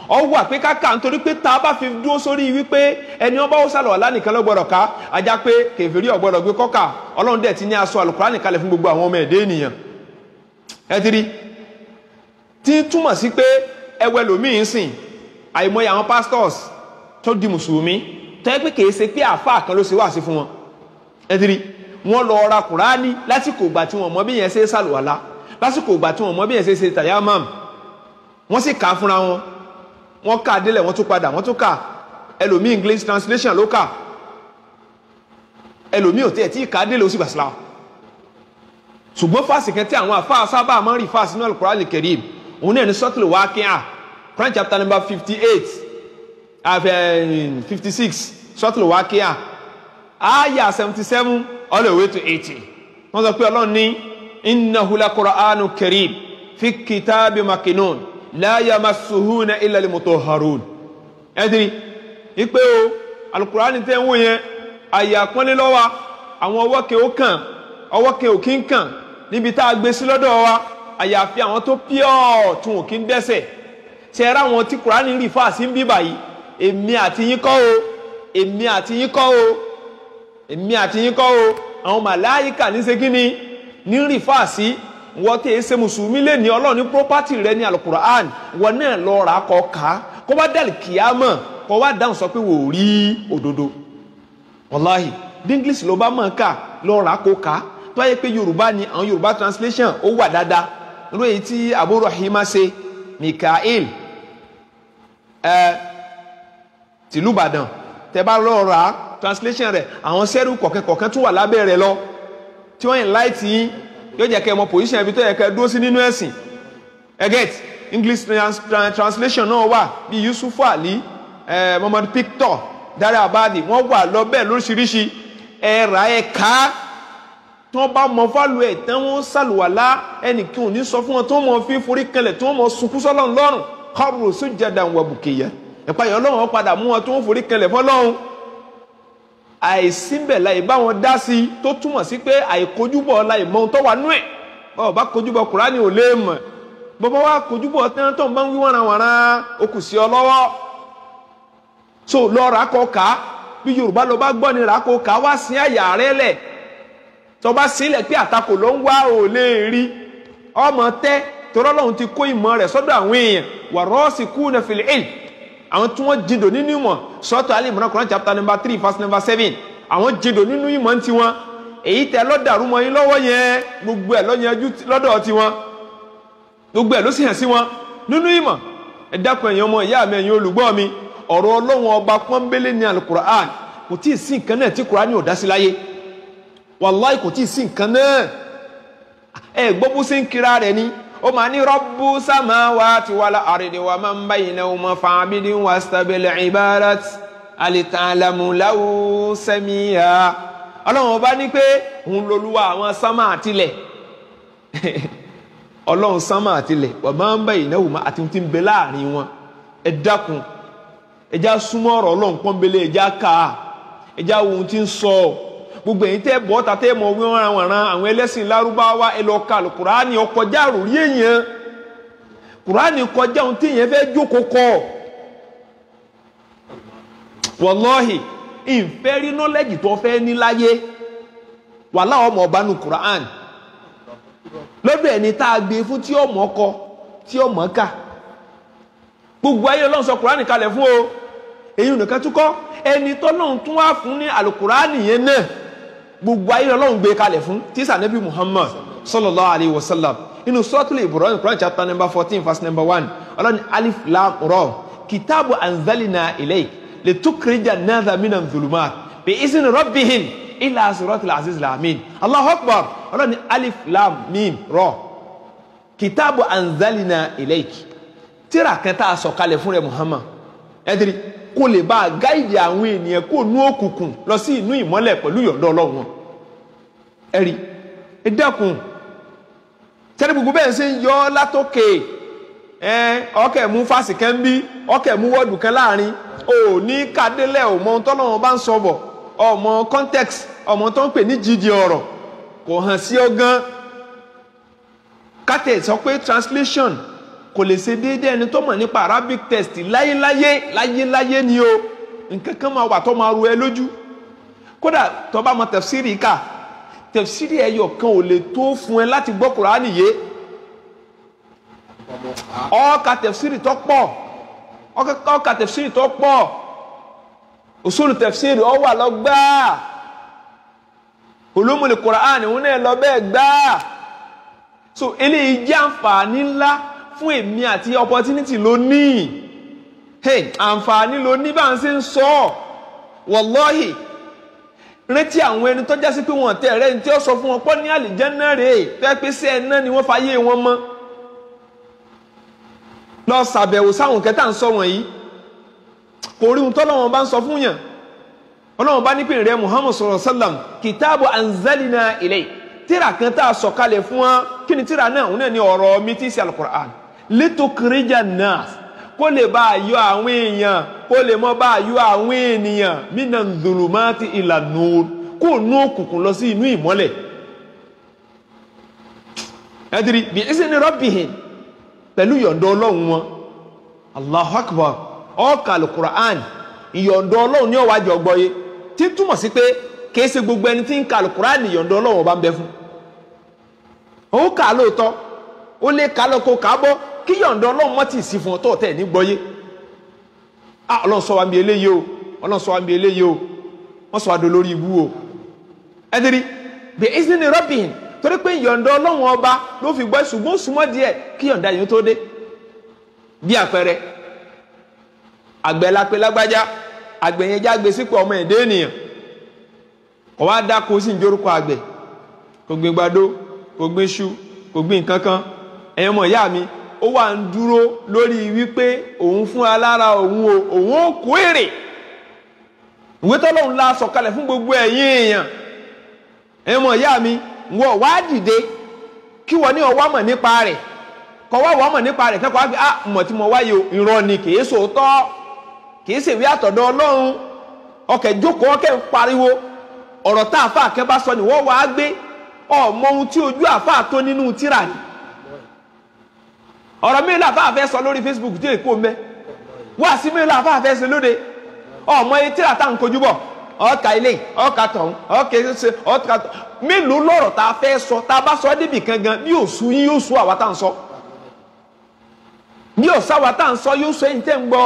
ọ wà pé káka nítorí pé tá a bá fi dúró sórí wípé ẹni ọba ó sàlọ̀ alánìkan ló gbọ́dọ̀ ká ajá pé kèfèrí ò gbọ́dọ̀ gbé kọ́kà ọlọ́run dẹ̀ ti ní aṣọ Al-Qur'an kalẹ̀ fún gbogbo àwọn ọmọ ẹ̀dẹ́ ènìyàn ẹ ti rí tí túmọ̀ sí pé ẹwẹ́ lòmíì ń sìn àìmọye àwọn pastors tó di mùsùlùmí tó yẹ pé kìí ṣe pé àáfàá kan ló ṣe wáàsí fún wọn ẹtìrì wọn lọ ra kùránì lásìkò ìgbà tí wọn mọ bí yẹn ṣe ṣàlùwàlá lásìkò ìgbà tí wọn mọ bí yẹn ṣe ṣe tàyámàm wọn sì kà á fúnra wọn wọn kà á délẹ̀ wọn tún padà wọn tún kà ẹlòmíì English translation ló kà ẹlòmíì ò tẹ̀ tí ì kà á délẹ̀ ó sì gbà sílámù ṣùgbọ́n fásitì kan tí àwọn àfáà sábà máa ń rí fásitì náà Al-Qur'an òun náà ní sọ́tìlì wákìá Quran chapter number fifty eight eh, fifty six sọ́tìlì wákìá ayah seventy seven all the way to eighty wọ́n sọ pé ọlọ́run ní innahu la qur'anu karim fi kitabi makinun la yamassuhuna illa al-mutahharun ẹ̀dìrì ìpè o alukurani tẹ́ ń wò yẹn àyè àpọ́nlé lọ́wọ́ àwọn ọwọ́ kẹ́ ó kàn ọwọ́ kẹ́ ò kí ń kàn níbi tá a gbé sí lọ́dọ̀ wa àyàfi àwọn tó pure tún òkè ń dẹ́sẹ̀ ṣe ra àwọn tí kùránì rì fà sí bí báyìí èmi àti yín kọ́ o èmi àti yín kọ́ o èmi àti yín kọ́ o àwọn màláyíkà ní ṣe kíni ní rì fà sí wọ́n tẹ̀ ṣe mùsùlùmí lè ní ọlọ́run ní property rẹ ní alukur'an wọn náà lọ rà kọ́ ká kó bá dàlí kìámọ̀ kó wá dáhùn sọ pé wò ó rí òdodo wàláhì bí english ló bá mọ̀ ká lọ rà kó ká tó pé yorùbá ni àwọn yorùbá translation ó wà dáadáa irú èyí tí Abu Rahima se Mikael ẹ tìlú Ìbàdàn tẹ bá lọ rà translation rẹ̀ àwọn sẹ́rù kọ̀kẹ́kọ̀kẹ́ tún wà lábẹ́ rẹ̀ lọ tí wọ́n yìn láìtì yín yóò jẹ́ kẹ́ ẹ mọ position ibi tó yẹ kẹ́ ẹ dúró sí nínú ẹ̀sìn ẹ get English translation náà wà bí Yusuf Ali ẹ Muhammad Pictor dara Abadi wọ́n wà lọ bẹ́ẹ̀ lóríṣiríṣi ẹ rà ẹ ká tí wọ́n bá mọ fálù ẹ̀ tán wọ́n sàlùwàlá ẹnì kí òun ní sọ fún wọn tí wọ́n mọ fi forí kanlẹ̀ tí wọ́n mọ sunkún sọ́lọ́run lọ́rùn kọ́rù sujadan wa bukiya ìpayọ̀ ọlọ́run padà mú wọn tí wọ́n forí kanlẹ̀ fọ́lọ́run àìsínbẹ̀ láì bá wọn dá sí i tó túmọ̀ sí pé àìkojúbọ̀ láì mọ ohun tó wà nú ẹ̀ bọ́ọ̀ bá kojúbọ̀ kùránì ò lè mọ̀ bọ́bá wa kojúbọ̀ tán tó so lọ́ọ́ rà kọ́ ká bí Yorùbá lọ bá gbọ́ ni tó bá sílẹ̀ pé àtakò ló ń wá ò lè rí ọmọ tẹ́ torí ọlọ́run ti kó ìmọ̀ rẹ̀ sọ́dọ̀ àwọn èèyàn wà rọ́ọ̀sì kú ní fìlẹ̀ èl àwọn tí wọ́n jìndò nínú ìmọ̀ sọ́tọ̀ alẹ́ ìmọ̀ràn kùnrin chapter number three verse number seven àwọn jìndò nínú ìmọ̀ ń tiwọn èyí tẹ lọ́dàrú mọ́ yín lọ́wọ́ yẹn gbogbo ẹ̀ lọ́yẹnjú lọ́dọ̀ tiwọn gbogbo ẹ̀ ló sì hàn sí wọn nínú ìmọ̀ ẹ dákun ẹ̀yin ọmọ ìyá mi ẹ̀yin olùgbọ́ mi ọ̀rọ̀ ọlọ́run ọba pọ́nbélé ní alukur'an kò tí ì sí nǹkan náà tí kur'an yóò dá sí láyé wàláì kò tí ì sí nǹkan náà ẹ gbọ́ bó ṣe ń kira rẹ̀ ni ó máa ní rọ́bù sàmà wá ti wàlá àrídìwà máa ń báyìí náà wọ́n fa abídí wà sábẹ́lẹ̀ ìbárat àlìtàlámùláwù sẹ́míyà ọlọ́run ọba ní pé òun lolúwa àwọn sánmà àtilẹ̀ ọlọ́run sánmà àtilẹ̀ wà máa ń báyìí náà wọ́n àti ti ń bẹ láàrin wọn ẹ dákun ẹ já súnmọ́ ọ̀rọ̀ ọlọ́run pọ́nbélé ẹ já kà ẹ já wo ohun ń sọ ọ́ gbogbo èyí tẹ bọ́ ta tẹ́ mọ wí wọn àwọn ọ̀ràn àwọn ẹlẹ́sìn lárúbáwá ẹ lọ ka kùránì ọkọjá àròrí èèyàn kùránì kọjá ohun tí èèyàn fẹ́ jókòó kọ́ wọlọ́hì ìfẹ́ rí nọ́lẹ́jì tó fẹ́ ní láyé wàhálà ọmọ ọba nu kùránì lọ́dọ̀ ẹni tá a gbé fún tí ọmọ kọ tí ọmọ kà gbogbo ayé ọlọ́run sọ kùránì kalẹ̀ fún o èyí nìkan tún kọ́ ẹni tọ́lọ́run tún wá fún ní yẹn náà gbogbo ayé ọlọ́run gbé kalẹ̀ fún tíṣà nẹ́bí Muhammad sallallahu alayhi wa sallam inú suratul Ibrahim Quran chapter number fourteen verse number one ọlọ́ni alif lam ra kitabu anzalina ilayk litukrija nasa mina zulumat bi isin rabbihim ila suratul aziz lamin Allahu akbar ọlọ́ni alif lam mim ra kitabu anzalina ilayk tíra kẹta sọ̀kalẹ̀ fún rẹ̀ Muhammad ẹ̀dìrí. kó lè bá a gáìdì àwọn ènìyàn kó nú òkùnkùn lọ sí inú ìmọ́lẹ̀ pẹ̀lú ìyọ̀ǹda ọlọ́run ẹ̀rí ẹ dẹ́kun tẹ́lẹ̀ gbogbo bẹ́ẹ̀ ṣe yọ ọ́ látòkè ọkẹ́ mú fásì kan bí ọkẹ́ mú wọ́ọ̀dù láàrin ò ní kádélẹ̀ ọmọ ọmọ tó ń pè ní jíjí ọ̀rọ̀ kò hàn sí kátẹ́ sọ pé translation kò lè ṣe déédéé ẹni tó mọ̀ nípa arabic test láyéláyé láyéláyé ni o nǹkan kan máa wà tó máa ru ẹ lójú kódà tó bá mọ tẹ̀fsírì kà tẹ̀fsírì ẹyọ kan ò lè tó fún ẹ láti gbọ́ kùránì yé ó ka tẹ̀fsírì tó pọ̀ ó ka tó pọ̀ usulu tẹ̀fsírì ó lọ gbáà ulumul kùránì òun lọ bẹ́ẹ̀ gbáà so eléyìí jẹ́ àǹfààní ńlá fún èmi àti opportunity ló ní àǹfààní ló ní bá ń ṣe ń sọ ọ́ wọ́lọ́hì rántí àwọn ẹni tó jásí pé wọ́n tẹ̀ rẹ́ ní tí ó sọ fún wọn pọ́ ní àlìjẹ́nà rèé tó yẹ pé sí ẹ̀ náà ni wọ́n fayé wọn mọ́ lọ sàbẹ̀wò sáwọn kẹta ń sọ wọ̀nyí kò rí ohun tọ́lọ́wọ́n bá ń sọ fún yàn ọlọ́run bá ní pé rẹ muhammad sọ̀rọ̀ sálàm kìtàbù anzalina ilẹ̀ tíra kan tá a sọ̀kalẹ̀ fún wa kí ni tíra náà òun náà ni ọ̀rọ̀ mi ti ṣe alukur'an lítòkìrìjà náà kó lè bá a yọ àwọn èèyàn kó lè mọ́ bá a yọ àwọn ènìyàn mínà zulumati ìlà kó nú òkùnkùn lọ sí inú ìmọ́lẹ̀ ẹ̀dìrì bí ìsìn pẹ̀lú ọlọ́run wọn allahu akbar ọ̀kàlù quran ìyọ̀ǹda ọlọ́run ní ọ̀wájú ọgbọ́yé tí túmọ̀ sí pé kìí ṣe gbogbo ẹni tí ń kàlù quran ìyọ̀ǹda ọlọ́run ọba ń bẹ fún kà lóòótọ́ ó lè kí yọ̀ǹda ọlọ́run mọ́ tì sí fún ọ tó ní gbọ́yé ah ọlọ́run sọ wa mi eléyìí o ọlọ́run sọ wa mi eléyìí o wọ́n sọ wa do lórí ibú o ẹ ti rí bí ẹsìn ní rọ́bìn torí pé yọ̀ǹda ọlọ́run ọba ló fi gbọ́ ṣùgbọ́n súnmọ́ díẹ̀ kí yọ̀ǹda yìí tó dé bí àpẹẹrẹ àgbẹ̀ lápẹ́ lágbájá àgbẹ̀ yẹn jágbe sípò ọmọ ẹ̀dẹ́ ènìyàn kò wá dáko sí ìjórúkọ àgbẹ̀ kò gbin gbàdó kò gbin iṣu kò gbin nǹkan kan ẹ̀yin ọmọ ìyá mi ó wà ń dúró lórí wípé òun fún alára òun o òun ó kó èrè ìwé la sọ̀kalẹ̀ fún gbogbo ẹ̀yin èèyàn ẹ mọ̀ ìyá mi wọ́n wá dìde kí wọ́n ní ọwọ́ mọ̀ nípa rẹ̀ kọ́ wá wọ́n mọ̀ nípa rẹ̀ kẹ́kọ̀ọ́ ah, mọ̀ tí mo wáyé ìrọ̀ ni kì í sòótọ́ kì í àtọ̀dọ̀ ọlọ́run ọkẹ̀ jókòó ń pariwo ọ̀rọ̀ tá ni wọ́n wá gbé ọmọ ohun tí ojú àfa ọ̀rọ̀ mélòó àfa àfẹ́ sọ lórí Facebook tí èkó mẹ́ wá sí mélòó àfa àfẹ́ sọ lóde ọmọ etí àtà ń kojú bọ̀ ọ̀ọ́ka ilé ọ̀ọ́ka tọ̀hún ọ̀ọ́ka ṣe ọ̀ọ́ka tọ̀ mélòó lọ́rọ̀ tá a fẹ́ sọ tá a bá sọ débi kan gan bí yóò sú yín yóò sú àwa tá à ń sọ bí yóò sáwa tá à ń sọ yóò sú ẹ̀yin tẹ́ ń gbọ́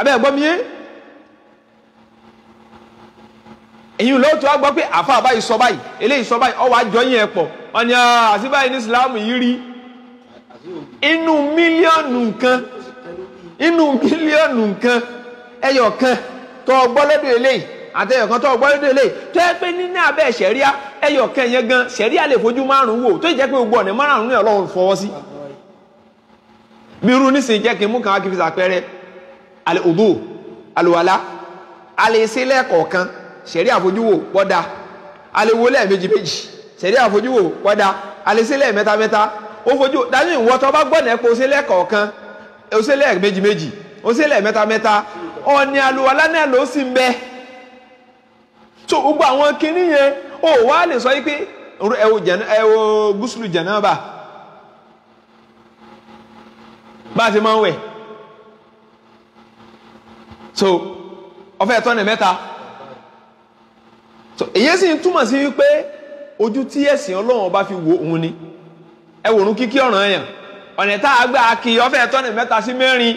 abẹ́ ẹ̀gbọ́n mi yé. èyí ló tó a gbọ́ pé àfa àbáyé sọ báyìí eléyìí sọ báyìí ọwọ́ àjọ yín ẹ̀ pọ̀ ọ̀nì àṣìbáyé ní ah, ìsìláàmù yìí rí inú mílíọ̀nù nǹkan inú mílíọ̀nù nǹkan ẹyọ kan tó gbọ́ lọ́dọ̀ eléyìí àtẹyọ kan tó gbọ́ lọ́dọ̀ eléyìí tó yẹ pé nínú abẹ́ ṣẹ̀ríà ẹyọ kan yẹn gan ṣẹ̀ríà lè fojú márùn wò tó jẹ́ pé gbogbo ọ̀nà márùn-ún Ọlọ́run fọwọ́ sí bí nísìnyí jẹ́ kí n mú kàn wá kí n fi sàpẹrẹ àlè òdò àlùwàlá àlè ìsílẹ̀ kọ̀ọ̀kan ṣẹ̀rí àfojúwò pọ́dà aléwo lẹ́ẹ̀mejì méjì ṣẹ̀rí àfojúwò pọ́dà alẹ́sílẹ̀ mẹ́ta mẹ́ta ó fojú dájú ìwọ tó bá gbọ́nà ẹ̀kọ́ òṣèlẹ̀ kọ̀ọ̀kan òṣèlẹ̀ méjì méjì òṣèlẹ̀ mẹ́ta mẹ́ta ọ̀nì àlùwalá náà ló sì ń bẹ tó gbogbo àwọn kinní yẹn ó wá lè sọ pé ẹ̀wò gúúsùlù jẹ̀nàbà bá a ti máa ń wẹ̀ so ọ̀fẹ́ tọ́nà mẹ́ta èyí sì ń túmọ̀ sí wípé ojú tí ẹ̀sìn ọlọ́run bá fi wo òun ni ẹ wòrun kíkí ọ̀ràn yẹn ọ̀nà tá a gbà kí ọ̀fẹ́ tọ́nà mẹ́ta sí mẹ́rin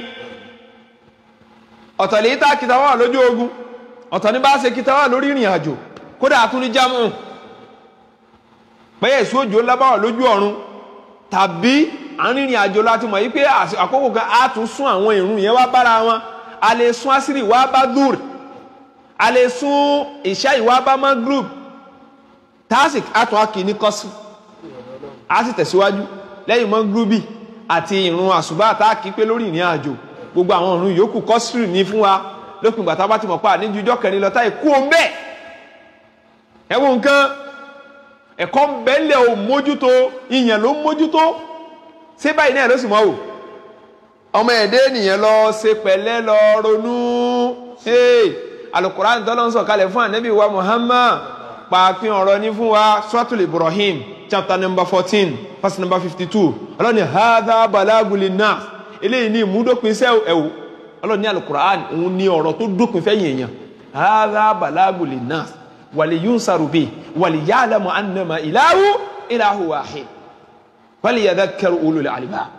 ọ̀tọ̀ lè ta kìtà wà lójú ogun ọ̀tọ̀ ní bá ṣe kìtà wà lórí ìrìn àjò kódà àtúndí jámù pé èso òjò ńlá bá wà lójú ọ̀run tàbí arìnrìn àjò láti mọ̀ yí pé àkókò kan á tún sún àwọn ìrun yẹn wá bára wọn a lè sún àṣírí wá bá dùrì a lè sún ìṣá ìwà bámá group tásìk àtúwákì ní kọ́sì a sì tẹ̀síwájú lẹ́yìn mọ́ gúrúbì àti ìrun àṣùbá àtàkì pé lórí ìrìn àjò gbogbo àwọn ìrun yòókù kọ́sìrì ní fún wa lópin ìgbà tábà ti mọ̀ pa níjú ijọ́ kẹrin lọ́tà ìkú òǹbẹ́ ẹ̀wọ̀n nǹkan ẹ̀kọ́ ń bẹ́lẹ̀ ò mójútó ìyẹn ló ń mójútó ṣé báyìí náà ló sì mọ́ o ọmọ ẹ̀dẹ́ ènìyàn lọ ṣe pẹ̀lẹ́ lọ ronú ṣe alukuran tọ́lọ́n sọ̀kalẹ̀ fún anabi wa muhammad paapin ọ̀rọ̀ ní fún wa suratul ibrahim chapter number fourteen verse number fifty two ọlọ́ni hadha balaguli nas eléyìí ní ìmúdópin sẹ́ ẹ̀wò ọlọ́ni alukuran òun ní ọ̀rọ̀ tó dópin fẹ́ yẹn yẹn hadha balaguli nas waliyunsaru bi waliyalamu annama ilahu ilahu wahid waliyadhakkaru ulul albab.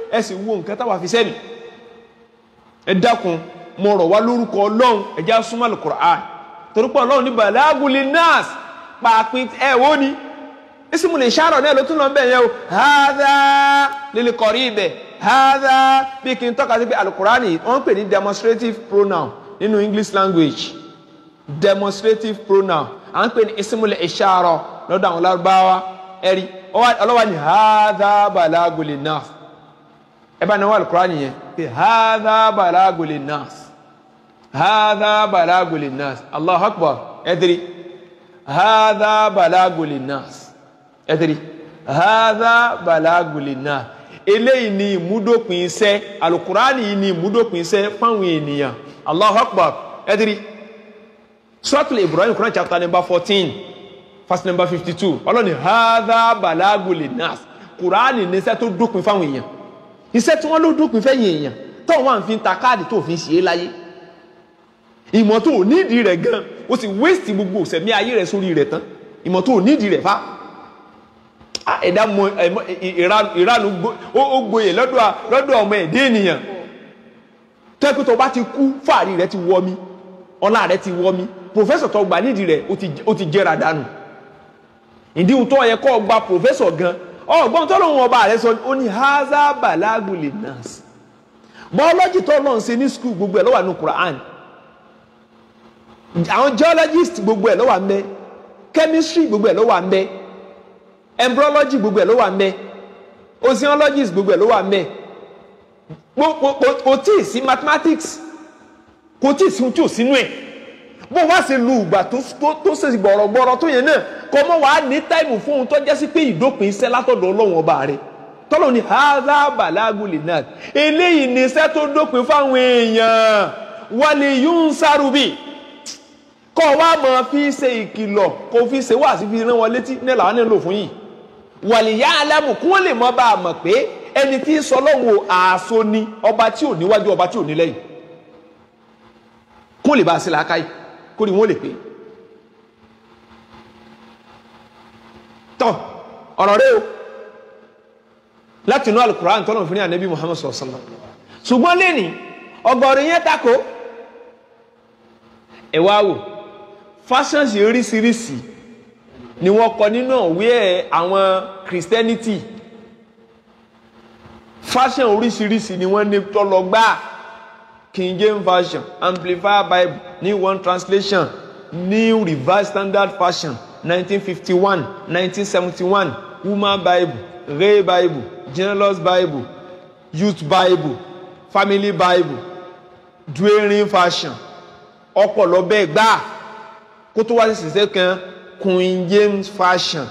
ẹ sì wo nǹkan táwa fi sẹ́mi ẹ dákun mo rọ̀ wá lórúkọ ọlọ́run ẹ já súnmọ́ alukur'an torí pé ọlọ́run ní balaguli nas pàápín ẹ wò ni isimu lè ṣàrọ̀ náà ló tún lọ bẹ̀ yẹn o hádà lílì kọ̀rí ibẹ̀ hádà bí kí n tọ́ka sí pé alukur'an yìí wọ́n pè ní demonstrative pronoun nínú English language demonstrative pronoun à ń pè ní isimu lè ṣàrọ̀ lọ́dọ̀ àwọn lárúbáwá ẹ̀rí ọlọ́wà ní hádà balaguli nas ẹ bá náwó alukurani yẹn pé hadha balagu linnas hadha balagu linnas Allahu akbar ẹdiri hadha balagu linnas ẹdiri hadha balagu linnas eléyìí ni ìmúdópin iṣẹ́ alukurani yìí ni ìmúdópin iṣẹ́ fáwọn ènìyàn Allahu akbar ẹdiri suratul Ibrahim Quran chapter number fourteen verse number fifty two ọlọ́ni hadha balagu linnas kurani ní iṣẹ́ tó dópin fáwọn èèyàn iṣẹ́ tí wọ́n ló dópin fẹ́yìn èèyàn tó wà ń fi ta káàdì tó fi ń ṣe é láyé ìmọ̀ tó nídìí rẹ̀ gan o sì wéèsì gbogbo ìṣẹ̀mí ayé rẹ̀ sórí rẹ̀ tán ìmọ̀ tó nídìí rẹ̀ fa ah, ẹ̀dá mọ ìranu ó gboyè lọ́dọ̀ ọmọ ẹ̀dẹ́ ènìyàn tẹ́kù tó bá ti kú fàárí rẹ̀ ti wọ́ mi ọlá rẹ̀ ti wọ́ mi pòfẹ́sọ̀ tó gbà nídìí rẹ̀ ó ti jẹ́ra dànù ìdí ohun tó yẹ kó gba pòfẹ́sọ̀ gan ọgbọ́n tó lóun ọba rẹ sọ ó ní haza balaguli nas Biology, tó lọ́n ṣe ní skul gbogbo ẹ̀ ló wà ní Quran àwọn geologist gbogbo ẹ̀ ló wà chemistry gbogbo ẹ̀ ló wà embryology gbogbo ẹ̀ ló wà ń bẹ oceanologist gbogbo ẹ̀ ló wà ń bẹ kò tí ì sí mathematics kò tí ì sí ohun tí ò sínú ẹ̀ bó wá ṣe lu ìgbà tó ṣe gbọ̀rọ̀gbọ̀rọ̀ tó yẹn náà kọ́ mọ́ wàá ní táìmù fún ohun tó jẹ́ sí pé ìdópin iṣẹ́ látọ̀dọ̀ ọlọ́run ọba rẹ̀ tọ́lọ̀ ní haza balagun lè náà eléyìí ní iṣẹ́ tó dópin fáwọn èèyàn wálé yún sárúbì kọ́ wa máa fi ṣe ìkìlọ̀ kò fi ṣe wá sí fi rán wọn létí ní làwọn nílò fún yìí wàlìyá alámù kún lè mọ bá a mọ̀ pé ẹni tí ń sọ lọ́wọ́ àásọ ni ọba tí ò níwájú ọba tí ò ní lẹ́yìn kún lè bá a ṣe làákàyè kórì wọn lè pé tán ọ̀rọ̀ rẹ o láti inú alukur'an tọ́lọ̀ fún ní anabi muhammad sallallahu alaihi wasallam ṣùgbọ́n lẹ́ni ọgọ́rin yẹn tako ẹ wá wò fashions oríṣiríṣi ni wọ́n kọ nínú òwe àwọn christianity fashion oríṣiríṣi ni wọ́n ní tọ́lọ gbáà. King James Version, Amplified Bible, New One Translation, New Revised Standard Version, 1951, 1971, Woman Bible, Ray Bible, Generous Bible, Youth Bible, Family Bible, Dwelling Version, ọpọlọ bẹ́ẹ̀ gbà kó tó wá sí ṣiṣẹ́ kan King James Version.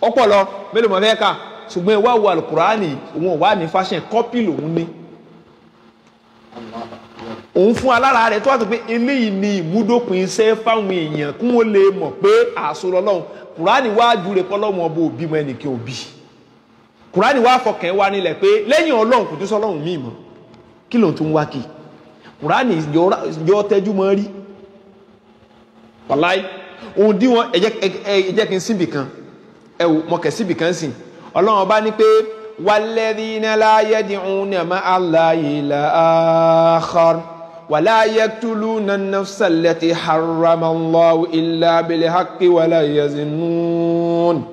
ọpọlọ mélòó mọ fẹ́ kà ṣùgbọ́n ìwà wo Al-Qur'ani òun ò wá ní fashion kọ́pì lòun ní òun fún alára rẹ̀ tó wà tó pé eléyìí ni ìmúdópin iṣẹ́ fáwọn èèyàn kí wọ́n lè mọ̀ pé àṣọ lọ́lọ́run kùránì wájú rẹ̀ pọ́lọ́mọ ọba òbí mọ ẹnìkan òbí kùránì wá fọkàn wá nílẹ̀ pé lẹ́yìn ọlọ́run kò tún sọ ọlọ́run míì mọ́ kí ló ń tún wá kì kùránì yọ tẹ́jú mọ́ rí wàláì òun dí wọn ẹ kí n síbì kan ẹ wò sìn ọlọ́run ọba ní pé. والذين لا يدعون مع الله إلا آخر ولا يقتلون النفس التي حرم الله إلا بالحق ولا يزنون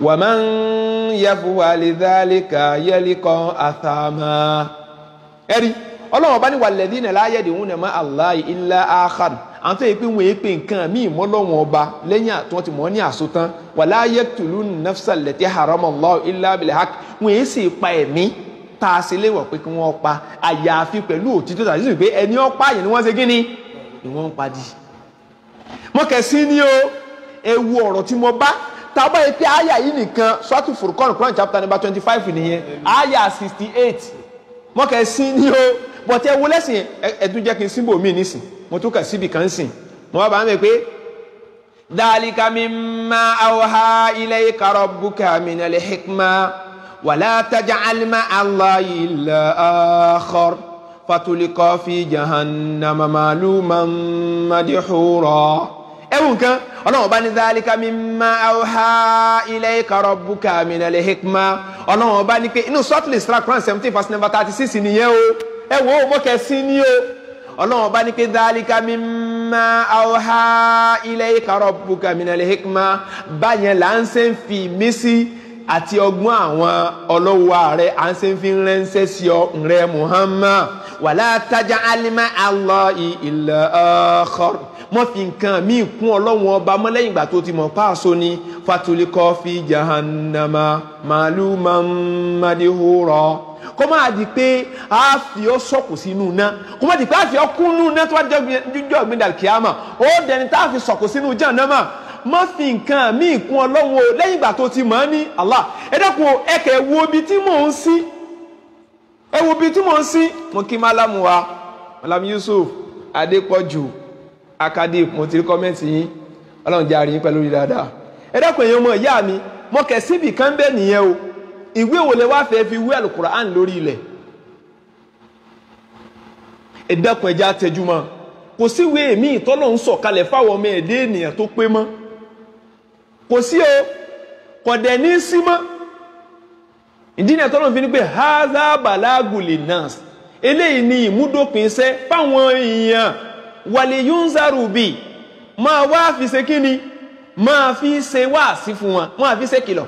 ومن يفعل ذلك يلقى أثاما أري الله بني والذين لا يدعون مع الله إلا آخر àwọn tó yẹ pé wọn yẹ pé nǹkan míì mọ́lọ́wọ́n ọba lẹ́yìn àti wọn ti mọ́ ní àsotán wala yaktulun nafsa allati haramallahu illa bil haqq wọn yẹ sì pa ẹ̀mí tá a ṣe léwọ̀ pé kí wọ́n pa àyàfi pẹ̀lú òtítọ́ tàbí sì pé ẹni ọ̀pá yẹn ni wọ́n ṣe kíni ni wọ́n ń padì. mọ́kẹ́sí ni o ewu ọ̀rọ̀ tí mo bá tábà yìí pé àyà yìí nìkan sọ́tù furukọ́nù Quran chapter number twenty five nìyẹn àyà sixty eight mọ́kẹ́sí ni o bọ̀tẹ́ wo lẹ́sìn ẹ̀dùn jẹ́ kí n síbò mí nísìn mo tún kà síbì kan sìn mo wá bá mi pé dhalika mimma awha ilayka rabbuka minal hikma wala taj'al ma'a Allahi ilahan akhar fatulqa fi jahannama maluman madhura. ẹ̀wù nǹkan ọlọ́run bá ní dhalika mimma awha ilayka rabbuka minal hikma ọlọ́run bá ní pé inú sọ́tìlì stra seventeen verse number thirty six nìyẹn o ẹ wò ó mọ́kẹ́sìn ni o ọlọ́run bá ní pé dhalika mimma awha ilayka rabbuka minal hikma báyẹn là ń ṣe ń fi mí sí àti ọgbọ́n àwọn ọlọ́wọ́ rẹ̀ à ń ṣe ń fi ránṣẹ́ sí ọ rẹ̀ Muhammad wala taj'al ma'a Allahi ilahan akhar mọ́ fi nǹkan míì kún ọlọ́run ọba mọ́ lẹ́yìn ìgbà tó ti mọ̀ páàsó ni fatulikọ́ fi jahannama màlúù mammadihura kó má di pé a fi ọ́ sọ̀kù sínú iná kó má di pé a fi ọ́ kú nínú iná tó bá jọ gbẹdà kíámà ó dẹni tá a fi sọ̀kù sínú jàǹdàmà má fi nǹkan míì kún ọlọ́wọ́ lẹ́yìn ìgbà tó ti mọ̀ ọ́ ní Allah ẹ dẹ́kun ẹ kẹ́ ẹ wo ibi tí mò ń sí ẹ wo ibi tí mò ń sí mo kí málámù wa malam Yusuf Adépọ̀jù akadé mo ti rí kọ́mẹ́ǹtì yín ọlọ́run jẹ́ àríyìn pẹ̀lú rí dáadáa ẹ dẹ́kun èèyàn ọmọ ìyá mi mo kẹ̀ síbì kan bẹ́ẹ̀ nìyẹn o ìwé wo lẹ wá fẹ́ fi wé alukur'an lórí ilẹ̀ ẹ dákun ẹja tẹjúmọ́ kò síwé mi ìtọ́lọ̀ ń sọ̀kalẹ̀ fáwọn ọmọ ẹ̀dẹ́ ènìyàn tó pé mọ́ kò sí o kọ̀dẹ̀ ní sí mọ́ ìdínà tọ́lọ̀ fi ní pé haza balaguli nas eléyìí ni ìmúdópin iṣẹ́ fáwọn èèyàn wàlẹ̀ yunzaru bi máa wá fi ṣe kíni máa fi ṣe wáàsí fún wọn máa fi ṣe kìlọ̀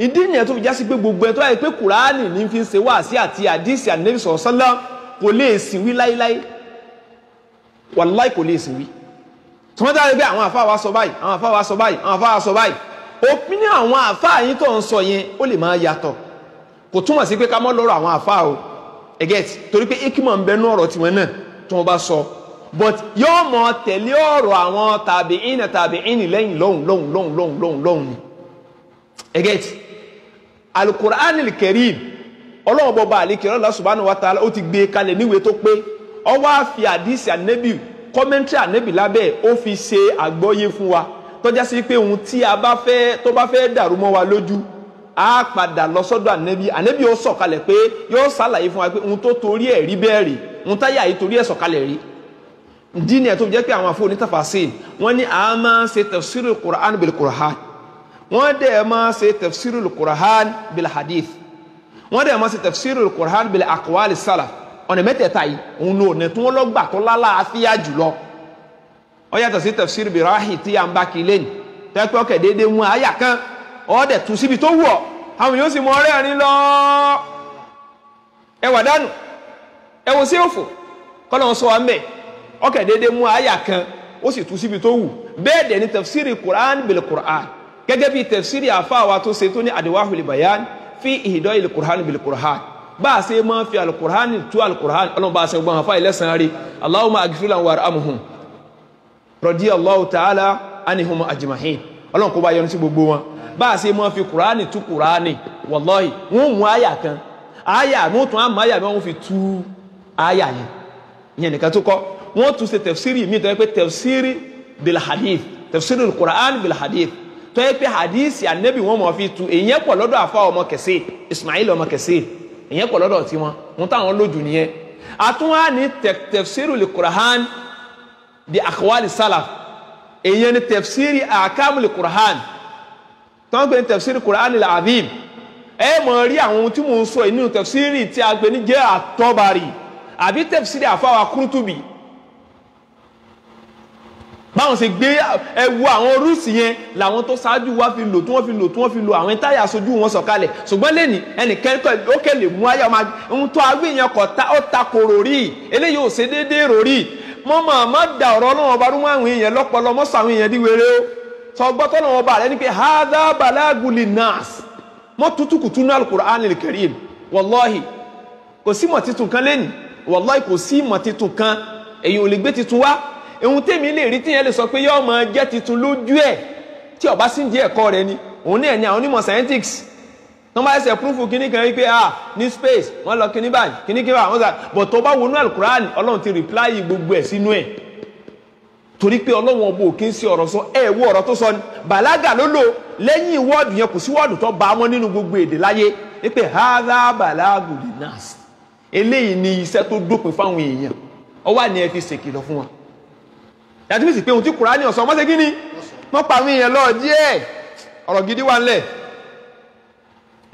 ìdí nìyẹn tó fi jásí pé gbogbo ẹ tó yẹ pé kùránì ní fi ń ṣe wáàsí àti àdìsí ànẹ́bí sọ̀rọ̀ sọ́lá kò lè sìn wí láíláí wàláì kò lè sìn wí tí wọ́n dára pé àwọn àfa wa sọ báyìí àwọn àfa wa sọ báyìí àwọn àfa wa sọ báyìí òpin àwọn àfa yín tó ń sọ yẹn ó lè máa yàtọ̀ kò túmọ̀ sí pé ká mọ́ lọ́rọ̀ àwọn àfa o ẹ̀gẹ́t torí pé ikimọ̀ ń bẹnu ọ̀rọ̀ tiwọn náà but yóò mọ tẹ̀lé ọ̀rọ̀ àwọn tàbí ìnà tàbí ìnì lẹ́yìn lọ́hùn lọ́hùn lọ́hùn lọ́hùn lọ́hùn lọ́hùn ẹ̀gẹ́t alukur'anil kerim ọlọ́run bọba àlekèrè Allah subhanahu wa ta'ala ó ti gbé e kalẹ̀ níwèé tó pé ó wá fi àdìsí ànẹ́bì kọ́mẹ́ntì ànẹ́bì lábẹ́ ó fi ṣe àgbọ́yé fún wa tọ́já sí pé ohun tí a bá fẹ́ tó bá fẹ́ dàrú mọ́ wa lójú á padà lọ sọ́dọ̀ ànẹ́bì ànẹ́bì ó sọ̀kalẹ̀ pé yóò ṣàlàyé fún wa pé ohun tó torí ẹ̀ rí bẹ́ẹ̀ rí ohun táyà yìí torí ẹ̀ sọ̀kalẹ̀ rí díìnì ẹ̀ tó jẹ́ pé àwọn àfọwọ́ onítàfàṣe wọ́n ní àá máa ń ṣe tafsirul Qur'an bil Qur'an wọ́n dẹ̀ máa ṣe tafsirul qur'an bil hadith wọ́n dẹ̀ máa ṣe tafsirul qur'an bil aqwali salaf ọ̀nà mẹ́tẹ̀ẹ̀ta yìí òun ni ọ̀nà tí wọ́n lọ gbà tó lálàáfíà jùlọ ó yàtọ̀ sí tafsir birahi tí à ń bá kí lẹ́yìn tẹ́pẹ́ ọkẹ̀ déédéé wọn àyà kan ọ̀ọ́dẹ̀ tún síbi tó wù ọ́ àwọn yóò sì mọ ọ̀rẹ́ rìn lọ ẹwà dànù ẹwọ sí òfò kọ́lọ́n sọ wa ń bẹ̀ déédéé wọn àyà kan ó sì tún síbi tó wù bẹ́ẹ̀ dẹ̀ ni tafsir quran bil quran gẹ́gẹ́ bí tafsiri àfáàwá tó ṣe tó ní adwahul bayan fi ihdo il qur'an bil qur'an bá a ṣe máa fi alukur'an tú alukur'an ọlọ́run bá a ṣe gbọ́n àfáà ilẹ̀sán rí allahumma aghfir lahum warhamhum radiyallahu ta'ala anhum ajma'in ọlọ́run kó bá yọ́nú sí gbogbo wọn bá a ṣe máa fi qur'an tú qur'an wallahi wọ́n mú àyà kan àyà wọ́n tún àmọ́ àyà wọ́n fi tú àyà yẹn nìkan tó kọ́ wọ́n tún ṣe tafsiri mi tó yẹ pé tafsiri bil tó yẹ pé hadisi anabi wọn mọ̀ fi tu èyàn pọ̀ lọ́dọ̀ àfa ọmọ kẹsẹ̀ Ismail ọmọ kẹsẹ̀ èyàn pọ̀ lọ́dọ̀ tiwọn wọn táwọn lójú nìyẹn àtúnwá ní tẹfsiru lè kurahan di akwali salaf èyàn ní tẹfsiri akam lè kurahan tọ́wọ́n pé ní tẹfsiri kurahan lè azim ẹ mọ̀ rí àwọn ohun tí mò ń sọ inú tẹfsiri tí a gbé ní jẹ́ àtọ́bari àbí tẹfsiri àfa wa kúrútùbì báwọn ṣe gbé ẹwu àwọn rúùsì yẹn làwọn tó ṣáájú wa fi lò tí wọ́n fi lò tí wọ́n fi lò àwọn táyà aṣojú wọn sọ̀kalẹ̀ ṣùgbọ́n lẹ́ni ẹnìkan ó kẹ́lẹ̀ mú ayé ọmọ ohun tó agbẹ́yìn ọkọ̀ ó ta kòrò rí eléyìí ò ṣe déédéé rò rí mọ́mọ́ má da ọ̀rọ̀ ọlọ́wọ́n ọba rúmọ́ àwọn èèyàn lọ́pọ̀lọ́ mọ́sọ àwọn èèyàn díwèrè ó sọ gbọ́tọ́ lọ́wọ́ ọba rẹ ní pé hadha balaguli nas mọ́ tutù kùtù náà alukur'an lè karim wallahi kò sí mọ̀ titun kan lẹ́nu wallahi kò sí mọ̀ titun kan èyí ò lè gbé titun wá ohun tèmi lè rí tíyẹn lè sọ pé yóò máa jẹ́ titun lójú ẹ̀ tí ọba sì ń di ẹ̀kọ́ rẹ ni òun náà ni àwọn onímọ̀ scientists wọ́n bá ṣe púrúfù kíní kan wípé ah ní space wọ́n lọ kíní báyìí kíní kíní báyìí wọ́n sà bọ̀ tó bá wọnú alukuraan ọlọ́run ti rìpláyì gbogbo ẹ̀ sínú ẹ̀ torí pé ọlọ́run ọba ò kí ń ṣe ọ̀rọ̀ sọ ẹ̀ wo ọ̀rọ̀ tó sọ ni bàlágà ló lò lẹ́yìn wọ́ọ̀dù yẹn kò sí wọ́ọ̀dù tó bá wọn nínú gbogbo èdè láyé wípé hàrá bàlágùn lè nà eléyìí ni iṣẹ́ tó dópin fáwọn èèyàn ọwọ́ àni ẹ fi ṣèkìlọ̀ fún wọn yàtí bí sì pé ohun tí kùránì ọ̀sán mọ́sẹ̀ kí ni wọ́n pa àwọn èèyàn lọ díẹ̀ ọ̀rọ̀ gidi wà ńlẹ̀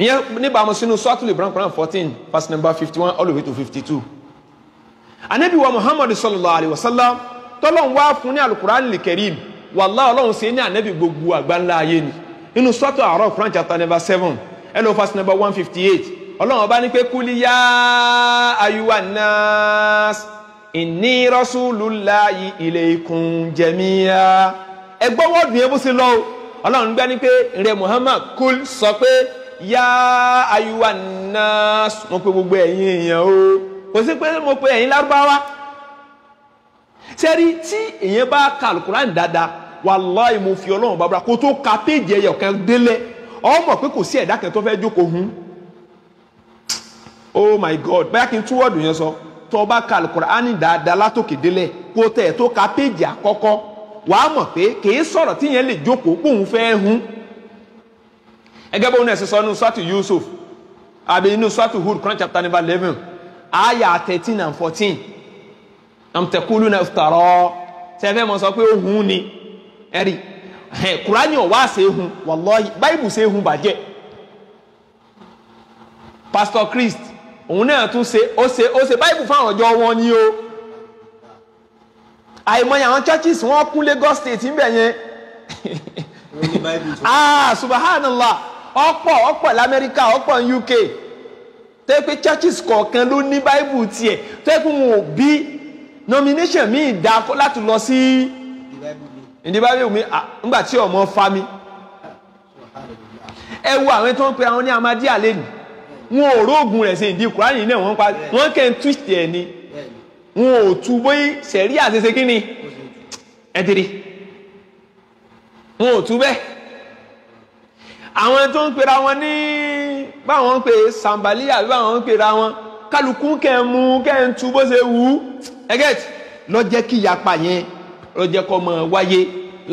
ìyẹn níbàámu sínú sọ́tùlù ìbúrán Quran fourteen verse number fifty one all the way to fifty two anabi wa muhammadu sallallahu alayhi wa sallam tọ́lọ́n wá fún ní alukur'an likerim wàlá ọlọ́run ṣe ní anabi gbogbo àgbáńlá ayé ni inú sọ́tù àárọ̀ Quran chapter number seven ẹnu verse number one fifty eight ọlọ́run ọba ní pé kúlíyà ayuwa nas ìní rọ́ṣúlùláyì ilaykum jẹ̀míyà ẹ gbọ́ wọ́ọ̀dù yẹn bó ṣe lọ o ọlọ́run gbẹ́ ni pé rẹ Muhammad kul sọ pé yá ayúwa náà mo pe gbogbo ẹ̀yin èèyàn o kò sí pé mo pe ẹ̀yin lárúbáwá sẹ́rí tí èèyàn bá ka alukuran dáadáa wàláì mo fi ọlọ́run bàbá kó tó ka péjì ẹ̀yọ̀ kan délẹ̀ ọmọ pé kò sí ẹ̀dá kan tó fẹ́ jókòó hun oh my god báyà kí n tú yẹn sọ. So tọba ka alukur'ani dáadáa látòkè délẹ̀ kó tẹ̀ tó ka péjì àkọ́kọ́ wàá mọ̀ pé kìí sọ̀rọ̀ tíyẹn lè jókòó kóun fẹ́ hun ẹgẹ́ bó ń ẹ̀sìn sọ nínú sọ́ọ̀tù Yusuf àbí nínú sọ́ọ̀tù Hud Quran chapter number eleven ayah thirteen and fourteen amtẹ̀kulu náà tọ̀rọ̀ sẹ́fẹ̀ mọ̀ sọ pé ó hun ni ẹ̀rí Kùránì ọ̀wá ṣe hun wallahi Báíbù ṣe hun bàjẹ́ Pastor Christ òun náà tún ṣe ó ṣe ó ṣe báyìí fáwọn ọjọ́ wọn ni o àìmọye àwọn churches wọn kún Lagos state ńbẹ yẹn ah ọ̀pọ̀ ọ̀pọ̀ l'Amẹ́ríkà ọ̀pọ̀ ní UK tó pé churches kọ̀ọ̀kan ló ní báyìí tiẹ̀ tó pé wọn ò bí nomination mi da láti lọ sí ìdí mi ah, nígbà ọmọ fa mi ẹ wo tó ń pe àwọn ní wọn ò róògùn rẹ̀ sí ìdí kùránì náà wọ́n pa wọ́n kẹ́ ń twist ẹ̀ ni wọn ò tu bóyí sẹ̀rí àṣeṣe kí ni ẹ̀dìrì wọn ò tu bẹ́ẹ̀ àwọn tó ń pera wọn ní báwọn ń pè sàǹbálí àbí báwọn ń pera wọn kálukú kẹ́ ń mu kẹ́ ń tu bó ṣe wù ú ẹgẹ́t lọ́jẹ́ kí ìyapa yẹn lọ́jẹ́ kọ́ mọ wáyé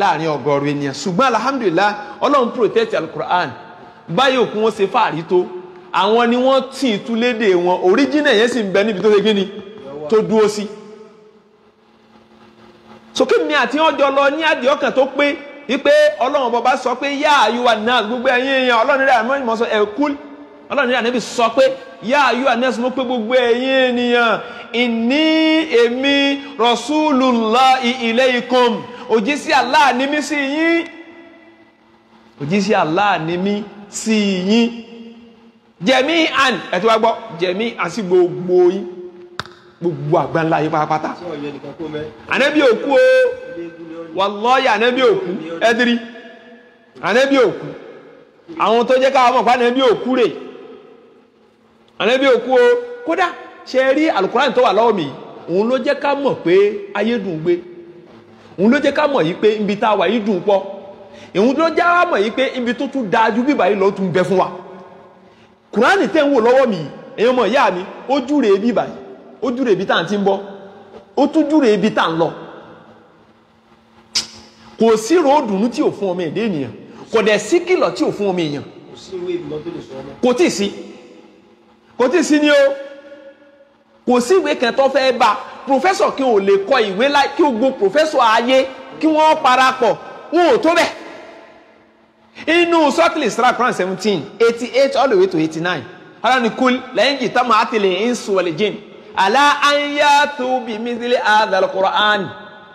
láàrin ọgọ́rùn ènìyàn ṣùgbọ́n alhamdulilah ọlọ́run protect alukur'an báyìí òkun ó ṣe fáàrí tó àwọn ni wọ́n tì í túlédè wọn oríjìnà yẹn sì ń bẹ níbi tó ṣe kíni tó dúró sí. sókè mi àti ọjọ́ lọ ní àdìẹ ọkàn tó pé wípé ọlọ́run bọba sọ pé yá àyùwà náà gbogbo ẹ̀yin èèyàn ọlọ́run rẹ̀ àmọ́ ìmọ̀ sọ ẹ̀kú ọlọ́run rẹ̀ ànábì sọ pé yá àyùwà náà sọ pé gbogbo ẹ̀yin ènìyàn ìní èmi rasulullahi ilaykum òjíṣẹ́ Allah ni mí sí yín òjíṣẹ́ Allah ni mí sí yín jẹ̀mí and ẹ̀tọ́ wa gbọ́ jẹ̀mí àti gbogbo yín gbogbo àgbáńlá yín pátápátá ànábì òkú o wàlọ́ọ̀yà ànábì oku, ẹ̀dírí ànábì oku, àwọn tó jẹ́ káwọn mọ̀pá ànábì òkú rè ànábì òkú o kódà ṣe rí alukuran tó wà lọ́wọ́ mi òun ló jẹ́ ká mọ̀ pé ayé dùn gbé òun ló jẹ́ ká mọ̀ yìí pé ibi tá wà yìí dùn pọ̀ òun ló jẹ́ ká mọ̀ yìí pé ibi tó tún dáa ju bíbá yìí lọ tún bẹ fún wa kùránì tẹ́ ń wò lọ́wọ́ mi èèyàn mọ̀ ìyá mi ó júre ibi báyìí ó júre ibi tá à ń ti ń bọ̀ ó tún júre ibi tá à ń lọ kò sí ròódùnú tí ò fún ọmọ èdè ènìyàn kò dẹ̀ sí kìlọ̀ tí ò fún ọmọ èèyàn kò tí ì sí kò tí sí ni o kò sí ìwé kan tó fẹ́ bá professor kí n ò lè kọ ìwé láì kí gbogbo professor ayé kí wọ́n parapọ̀ wọn ò tó bẹ́ẹ̀ inú sọ́tìlì sara Quran seventeen eighty eight all the way to eighty nine ọlọ́ni kul lẹ́yìn jì táwọn àtìlẹ̀ insu wal jin àlá ànyá tó bí mísílì àdàlù Quran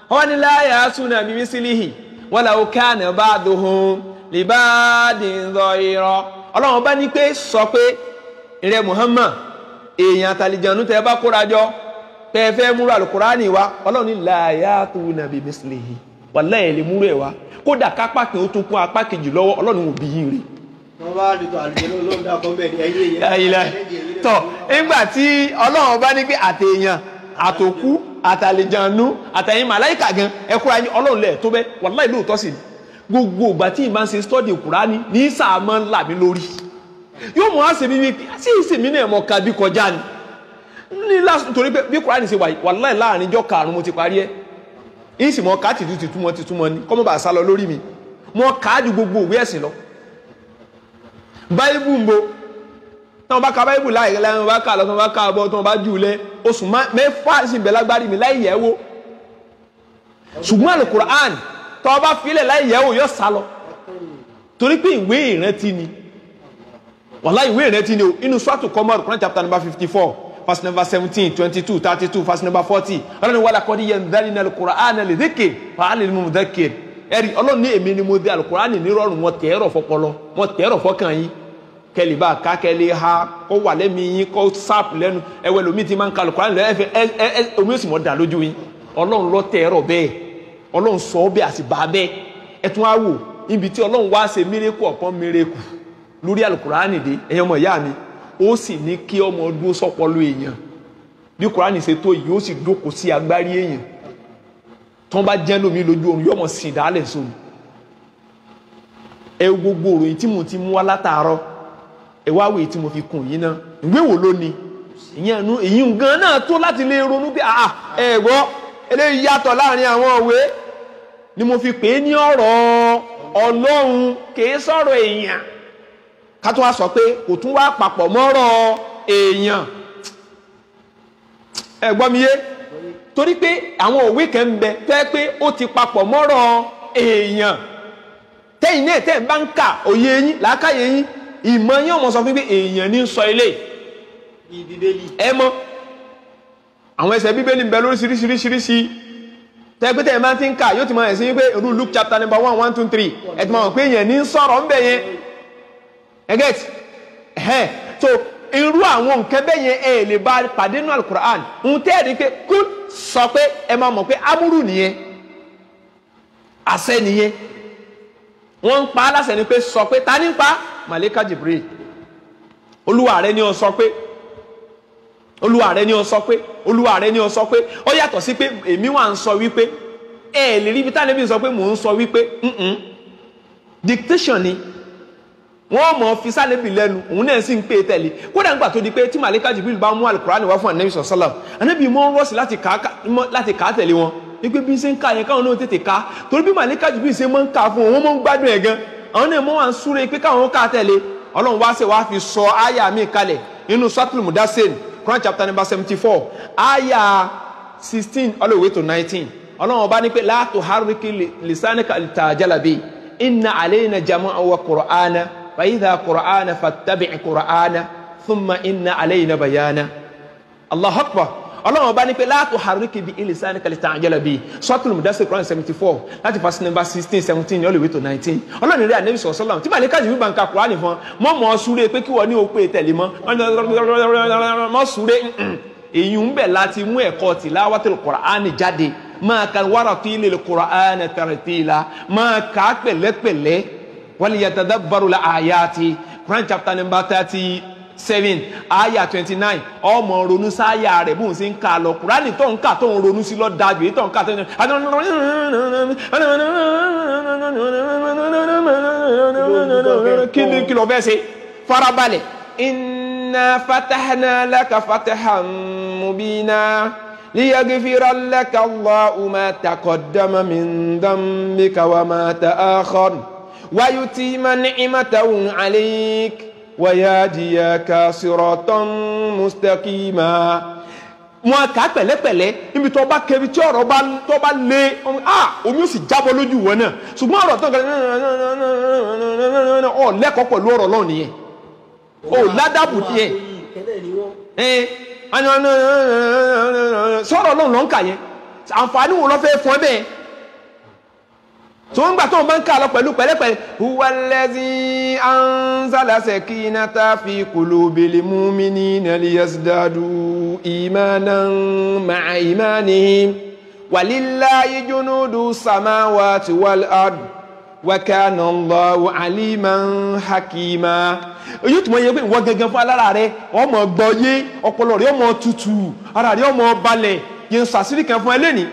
wọn la láyà suna bí mísílì hì wọn làwọn kánà bá dùhùn libadin zọyìrọ Ọlọ́run bá ní pé sọ pé ìrẹ Muhammad èèyàn àtàlìjànú tẹ bá kóra jọ tẹ fẹ́ múra alukurani wa Ọlọ́run ni láyà tó nàbí mísílì hì wàláhì ẹ̀ lè múrò ẹ̀ wá kódà kápá kan ó tún kún apá kejì lọ́wọ́ ọlọ́run ò bí yín rí. wọ́n bá dùn àlùjẹ́ lọ́wọ́ dákọ́ bẹ́ẹ̀ ni ẹ̀yìn èèyàn. tọ́ nígbà tí ọlọ́run bá ní pé àtẹ̀yàn àtòkú àtàlejànú àtẹ̀yìn màláìkà gan ẹ̀kúra yín ọlọ́run lẹ̀ tó bẹ́ wàláhì lóòótọ́ sí ni gbogbo ìgbà tí ìbá ń ṣe stọ́dì kùránì ní sàmọ́ ńlá mi lórí yóò mọ̀ á sèmi wípé sí ìsèmi náà mọ̀ ká bí kọjá ni nítorí pé bí kùránì ṣe wà láì láàrin ìjọ karùn-ún mo ti parí ẹ̀ ìsì mọ káàtì ju tìtúmọ̀ tìtúmọ̀ ni kọ́mọ́ bá sá lọ lórí mi mọ káàdì gbogbo òwe ẹ̀sìn lọ báyìbù ń bo tọ́wọ́n bá ka báyìbù láì láì wọ́n bá ka lọ tọ́wọ́n bá ka bọ́ tọ́wọ́n bá jù lẹ oṣù mẹ́fà sì lágbárí mi láì yẹ̀ wò ṣùgbọ́n alukur'an tọ́wọ́n bá filẹ̀ láì yẹ̀ wò yọ sá lọ torí pé ìwé ìrántí ni wàlá ìwé ìrántí ni o inú sọ́ọ̀tù kọ́mọ́rù Quran chapter number fifty four verse number seventeen twenty two thirty two verse number forty ọlọ́run ni wàlá kọ́ni yẹn dání ní alukur'an lè dékè fàálì ni mo dékè ẹ̀rí ọlọ́run ní èmi ni mo dé alukur'an ní rọrùn mo tẹ̀ ẹ̀rọ fọpọlọ mo tẹ̀ ẹ̀rọ fọkàn yín kẹlẹ̀ bá ká kẹlẹ̀ ha kó wà lẹ́mi yín kó sáàpù lẹ́nu ẹ̀wẹ̀ lómi ti máa ń ka alukur'an lẹ́yìn ẹ̀fẹ̀ ẹ̀ ẹ̀ omi ó sì mọ̀ dà lójú yín ọlọ́run ló tẹ̀ bẹ́ẹ̀ ọlọ́run sọ ó sì ní kí ọmọ dúró sọpọlọ èèyàn bí kúránì ṣe tó yìí ó sì dókòó sí agbárí èèyàn tó ń bá jẹ́ lómi lójú oorun yóò mọ̀ sí ìdálẹ̀ sóun ẹ gbogbo òròyìn tí mo ti mú wá látàárọ̀ ẹ wá wèé tí mo fi kùn yìí náà ìwé wo ló ni ìyẹn nu èyí gan náà tó láti lè ronú pé àà ẹ gbọ́ eléyìí yàtọ̀ láàrin àwọn òwe ni mo fi pè é ní ọ̀rọ̀ Ọlọ́run kì í sọ̀rọ̀ èèyàn ká tún wá sọ pé kò tún wá papọ̀ mọ́rọ̀ èèyàn ẹ gbọ́ mi yé torí pé àwọn òwe kan ń bẹ tó yẹ pé ó ti papọ̀ mọ́rọ̀ èèyàn tẹ́yìn náà tẹ́ ẹ̀ bá ń kà òye yín làákàyè yín ìmọ̀ yín ọmọ sọ fún pé èèyàn ní ń sọ ilé ẹ mọ àwọn ẹsẹ̀ bíbélì ń bẹ lóríṣiríṣiríṣiríṣi tẹ́gbẹ́tẹ́ ẹ̀ máa ti ń kà yóò ti máa ẹ̀ sí wípé Luke chapter number one one two three ẹ̀ ti máa wọ̀ pé èèyàn ní ń sọ̀rọ̀ ń bẹ yẹn ẹ get ẹhẹn so irú àwọn nǹkan bẹ́ẹ̀ yẹn ẹ lè bá pàdé nínú alukur'an ń tẹ́ ẹ̀ ní pé kú sọ pé ẹ máa mọ̀ pé amúrù nìyẹn àṣẹ nìyẹn wọ́n ń pa á ni pé sọ pé ta ni ń pa màlẹ́kà Jibril olúwa rẹ ni ó sọ pé olúwa rẹ ni ó sọ pé olúwa rẹ ni ó sọ pé ó yàtọ̀ sí pé èmi wà ń sọ wípé ẹ lè rí ibi tá a lè fi sọ pé mò ń sọ wípé dictation ni wọ́n mọ̀ fi sálẹ́bì lẹ́nu òun náà sì ń pè é tẹ̀lé kódà nígbà tó di pé tí màlíkà Jibril bá mú alukurani wá fún anabi sọ̀sálà anabi mọ̀ ń rọ́ọ̀sì láti kà á tẹ̀lé wọn wípé bí ṣe ń kà yẹn káwọn náà tètè ká torí bí màlíkà Jibril ṣe mọ̀ ń kà fún òun mọ̀ ń gbádùn ẹ̀ gan àwọn náà mọ̀ wá ń súre pé káwọn ká tẹ̀lé ọlọ́run wá ṣe wá fi sọ àyà mi kalẹ̀ nínú suratul mudasen Quran chapter number seventy four àyà sixteen all the way to nineteen ọlọ́run ọba ní pé la tuharriki lisanika lita'jala bi inna alayna jama'a wa qur'ana فإذا قرآن فاتبع قرآن ثم إن علينا بيانا الله أكبر ọlọ́run ọba ní pé láàtò haríkì bíi ilẹ̀sán ní kẹlẹ́tà àjẹlẹ̀ bíi sọ́tùlù mùdásí kúrọ́n seventy four láti fásitì nọmba sixteen seventeen all the way to nineteen ọlọ́run rí ànẹ́bí sọ̀rọ̀ sọ́lá tí màlíkà jù bàǹkà kúránì fún mọ́ mọ́ súré pé kí wọ́n ní òpè tẹ̀lé mọ́ mọ́ súré èyí ń bẹ̀ láti mú ẹ̀kọ́ tìláwátìlù kùránì jáde máa ka wàrà fi ilẹ̀ kùránì waliyatadabbaru la ayati Quran chapter number thirty seven aya twenty nine ọmọ ronú sáyà rẹ̀ bóun ṣe ń kà lọ kúránì tó ń kà tó ń ronú sí lọ dájú tó ń kà tó ń kí ni kí ló fẹ́ ṣe farabalẹ̀ inna fatahna laka fatahan mubina liyaghfira laka Allahu ma taqaddama min dhanbika wa ma ta'akhkhara. ويتيم نعمته عليك ويهديك صراطا مستقيما wọn kà pẹ̀lẹ́pẹ̀lẹ́ níbi tó bá kẹbi tí ọ̀rọ̀ bá tó bá lé omi ó sì jábọ́ lójú wọn náà ṣùgbọ́n ọ̀rọ̀ tó ń kẹlẹ ọ lẹ́kọ̀ọ́ pẹ̀lú ọ̀rọ̀ lọ nìyẹn o ládàbù nìyẹn sọ̀rọ̀ lọhùn lọ ń kà yẹn àǹfààní wo lọ fẹ́ fún ẹ bẹ́ẹ̀ tó ń gbà tó ń bá ń kà lọ pẹ̀lú pẹ̀lẹ́pẹ̀lẹ́ huwalezi anzalase kinata fi kulubili mumini naliyasidadu imanan ma'a imani walilayi junudu samawati wal ard wakana allahu aliman hakima èyí tó mọ yẹ pé ìwọ gẹ́gẹ́ fún alára rẹ ọmọ gbọyé ọpọlọ rẹ ọmọ tutù ara rẹ ọmọ balẹ̀ yẹn sàṣírí kan fún ẹlẹni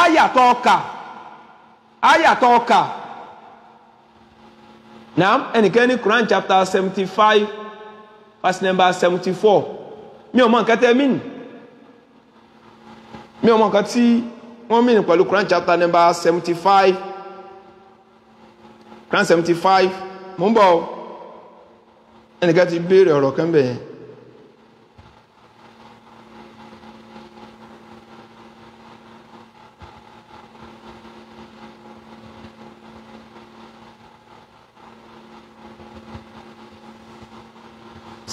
àyàtọ ọkà ayàtọ̀ ọkà na ẹnìkan ní Quran chapter seventy five verse number seventy four mi ò mọ nǹkan mi ò mọ nǹkan tí Quran chapter number seventy five Quran seventy five mo ti béèrè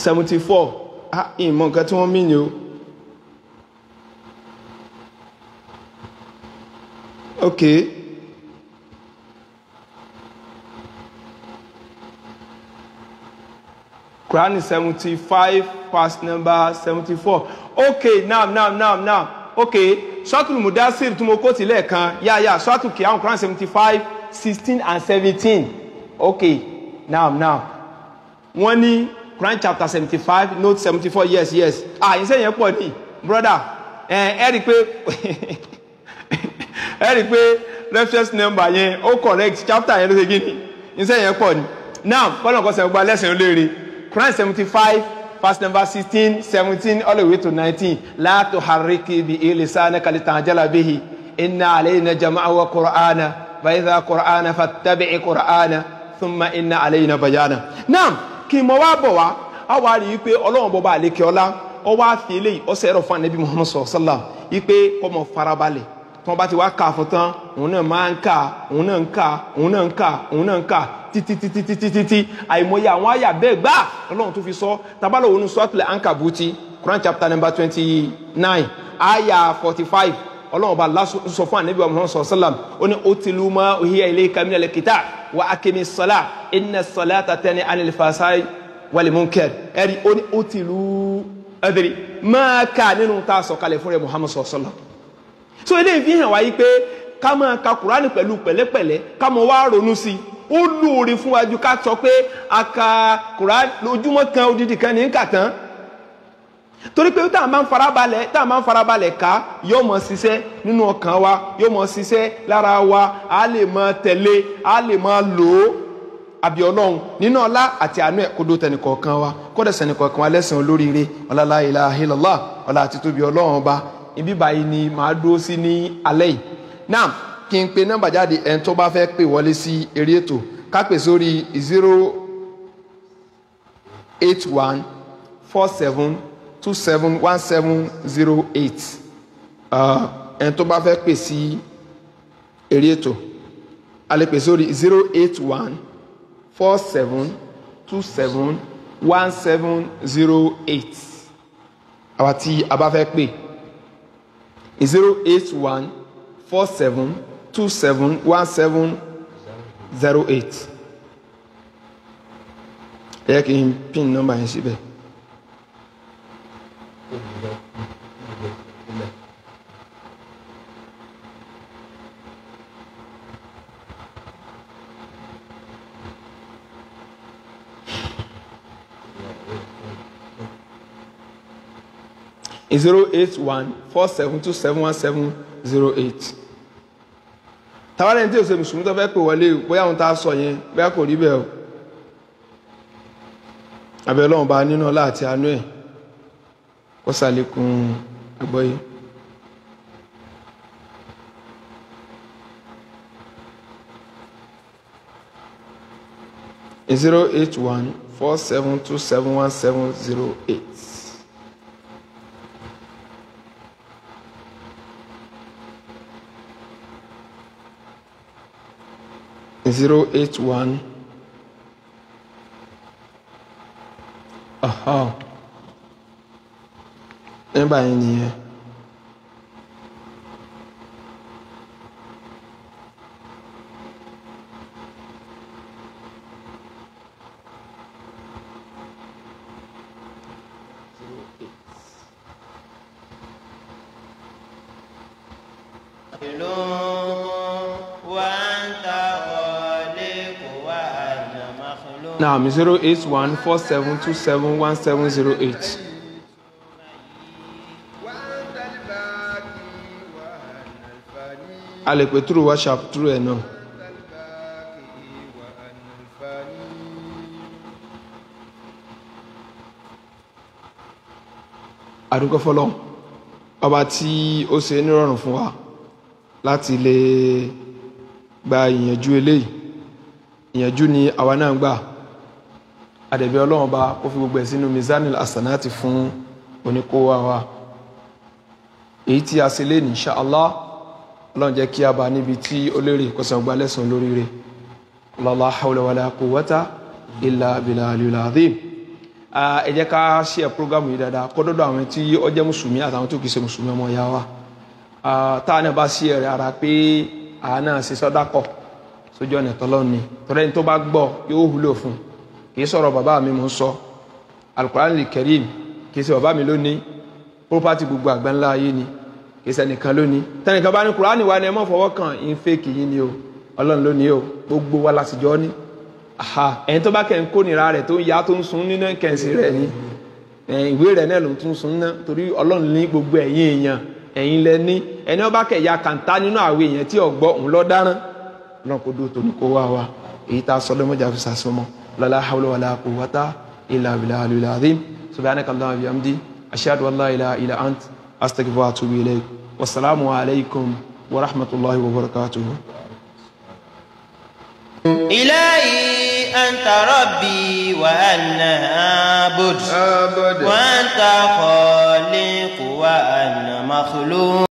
seventy four ah ìmọ̀ nǹkan tí wọ́n mí ni o ok Quran seventy five past number seventy four ok now now now now ok sọ́tùlù mudasir tí mo kó tilẹ̀ kan yáyà sọ́tùlù kìáhùn Quran seventy five sixteen and seventeen ok now now wọ́n ní. Quran chapter seventy five note seventy four yes yes ah ìṣe yẹn pọ̀ ní brother ẹ ẹ rí i pé ẹ rí i pé reference number yẹn ó correct chapter yẹn ló ṣe kí ni ìṣe yẹn pọ̀ ní now kọ́nà kan sẹ́wọ́n gba lẹ́sìn léèrè Quran seventy five verse number sixteen seventeen all the way to nineteen la tuharriki bi lisanaka litajala bihi inna alayna jam'a wa qur'ana fa idha qur'ana fattabi' qur'ana thumma inna alayna bayana. now kí n mọ wá bọ̀ wá a wá rí i pé ọlọ́run bọba àlekè ọlá ọ wá fi eléyìí ọsẹ ẹrọ fún anabi muhammad sọsọlá ipe kọmọ farabalẹ̀ tí wọn bá ti wá kà fún tán òun náà máa ń kà òun náà ń kà òun náà ń kà òun náà ń kà títí àìmọye àwọn àyà bẹ́ẹ̀ gbà ọlọ́run tó fi sọ tabalọ òun sọ àtìlẹ ankabuti quran chapter number twenty nine àyà forty five ọlọ́run ọba lásán sọ fún anabi wa muhammad sallam ó ní utilu ma uhiya ilayka minal kitab wa akimi salah inna salata tani anil fasai wal munkar ẹ̀rí ó ní utilu ẹ̀dẹ̀rì máa ka nínú tá a sọ̀kalẹ̀ fún rẹ̀ muhammad sallam. so eléyìí fi hàn wáyé pé ká máa ka kuraani pẹ̀lú pẹ̀lẹ́pẹ̀lẹ́ ká máa wá ronú sí i ó lóore fún wájú ká sọ pé a ka kuraani lójúmọ́ kan odidi kan ní kàtán torí pé tá a máa ń farabalẹ̀ tá a máa ń farabalẹ̀ ká yóò mọ̀ ṣiṣẹ́ nínú ọkàn wa yóò mọ̀ ṣiṣẹ́ lára wa a lè mọ tẹ̀lé a lè mọ lò ó àbí ọlọ́run nínú ọlá àti àánú ẹ̀ kó dó tẹnìkọ̀ọ̀kan wa kó dẹ̀ sẹnìkọ̀ọ̀kan wa lẹ́sìn olóríire ọlá la ilaha illallah ọlá àti tóbi ọlọ́run ọba ibi báyìí ni màá dúró sí ní alẹ́ yìí náà kí n pe nọ́mbà jáde ẹni tó bá fẹ́ pè wọlé sí eré ètò ká pè sórí zero eight one four seven two seven one seven zero eight uh, ẹni tó bá fẹ́ pè sí eré ètò a lè pè sórí zero eight one four seven two seven one seven zero eight àwa tí a bá fẹ́ pè zero eight one four seven two seven one seven zero eight ẹ kì í pin nọ́mbà yẹn síbẹ̀. zero eight one four seven two seven one seven zero eight tàwọn ẹni tí òsè mùsùlùmí tó fẹ́ pè wọlé bóyá òun tá a sọ yẹn bóyá kò rí bẹ́ẹ̀ o abẹ́ ọlọ́run bá nínú ọlá àti àánú ẹ̀ kó sàlékún àgbọ́yé. zero eight one four seven two seven one seven zero eight. zero eight one aha nígbà yẹn nìyẹn. Now zero eight one four seven two seven one seven zero eight. a lè pè through WhatsApp through ẹ̀ náà. àdúgbò fọlọ́ ọba tí ó ṣe nírọ̀rùn fún wa láti lè gba ìyànjú eléyìí ìyànjú ni àwa náà gbà àdẹ̀bẹ̀ ọlọ́run bá kó fi gbogbo ẹ̀ sínú mizanil asanati fún oníkówá wa èyí tí a ṣe lé ní insha Allah ọlọ́run jẹ́ kí a bá níbi tí ó lérè kó san gba lórí rẹ̀ la hawla wala quwwata illa billahil azim ẹ jẹ́ ká ṣe ẹ̀ prógámù yìí dáadáa kó dọ́dọ̀ àwọn tí ó jẹ́ mùsùlùmí àtàwọn tó kì í ṣe mùsùlùmí ọmọ ìyá wa táà náà bá ṣe ẹ̀rẹ̀ ara pé àánà ṣe sọ́dákọ̀ sójú ọ̀nà tọ́lọ́ni tọ́lẹ́ni tó bá gbọ́ yóò wúlò fún un kì í sọ̀rọ̀ bàbá mi mò ń sọ alukurani karim kì í ṣe bàbá mi lónìí property gbogbo àgbáńlá ayé ni kì í ṣe ẹnìkan lónìí tẹnìkan bá ní kurani wa ni ẹ mọ̀ fọwọ́ kàn ń fèkì yín ni o ọlọ́run lónìí o gbogbo wa lásìjọ́ ni aha ẹni tó bá kẹ́ ń kónira rẹ̀ tó ń ya tó ń sun nínú kẹ́ǹsì rẹ̀ ni ìwé rẹ̀ náà ló tún sun ná torí ọlọ́run ní gbogbo ẹ̀yin èèyàn ẹ̀yin wa èyí tá a sọ la hawla wala quwwata illa billahi al-aliyyil azim subhanaka allahumma wa bihamdi ashhadu an la ilaha illa ant astaghfiruka wa atubu ilayk wassalamu alaykum wa rahmatullahi wa barakatuh إلهي أنت ربي وأنا عبد وأنت خالق وأنا مخلوق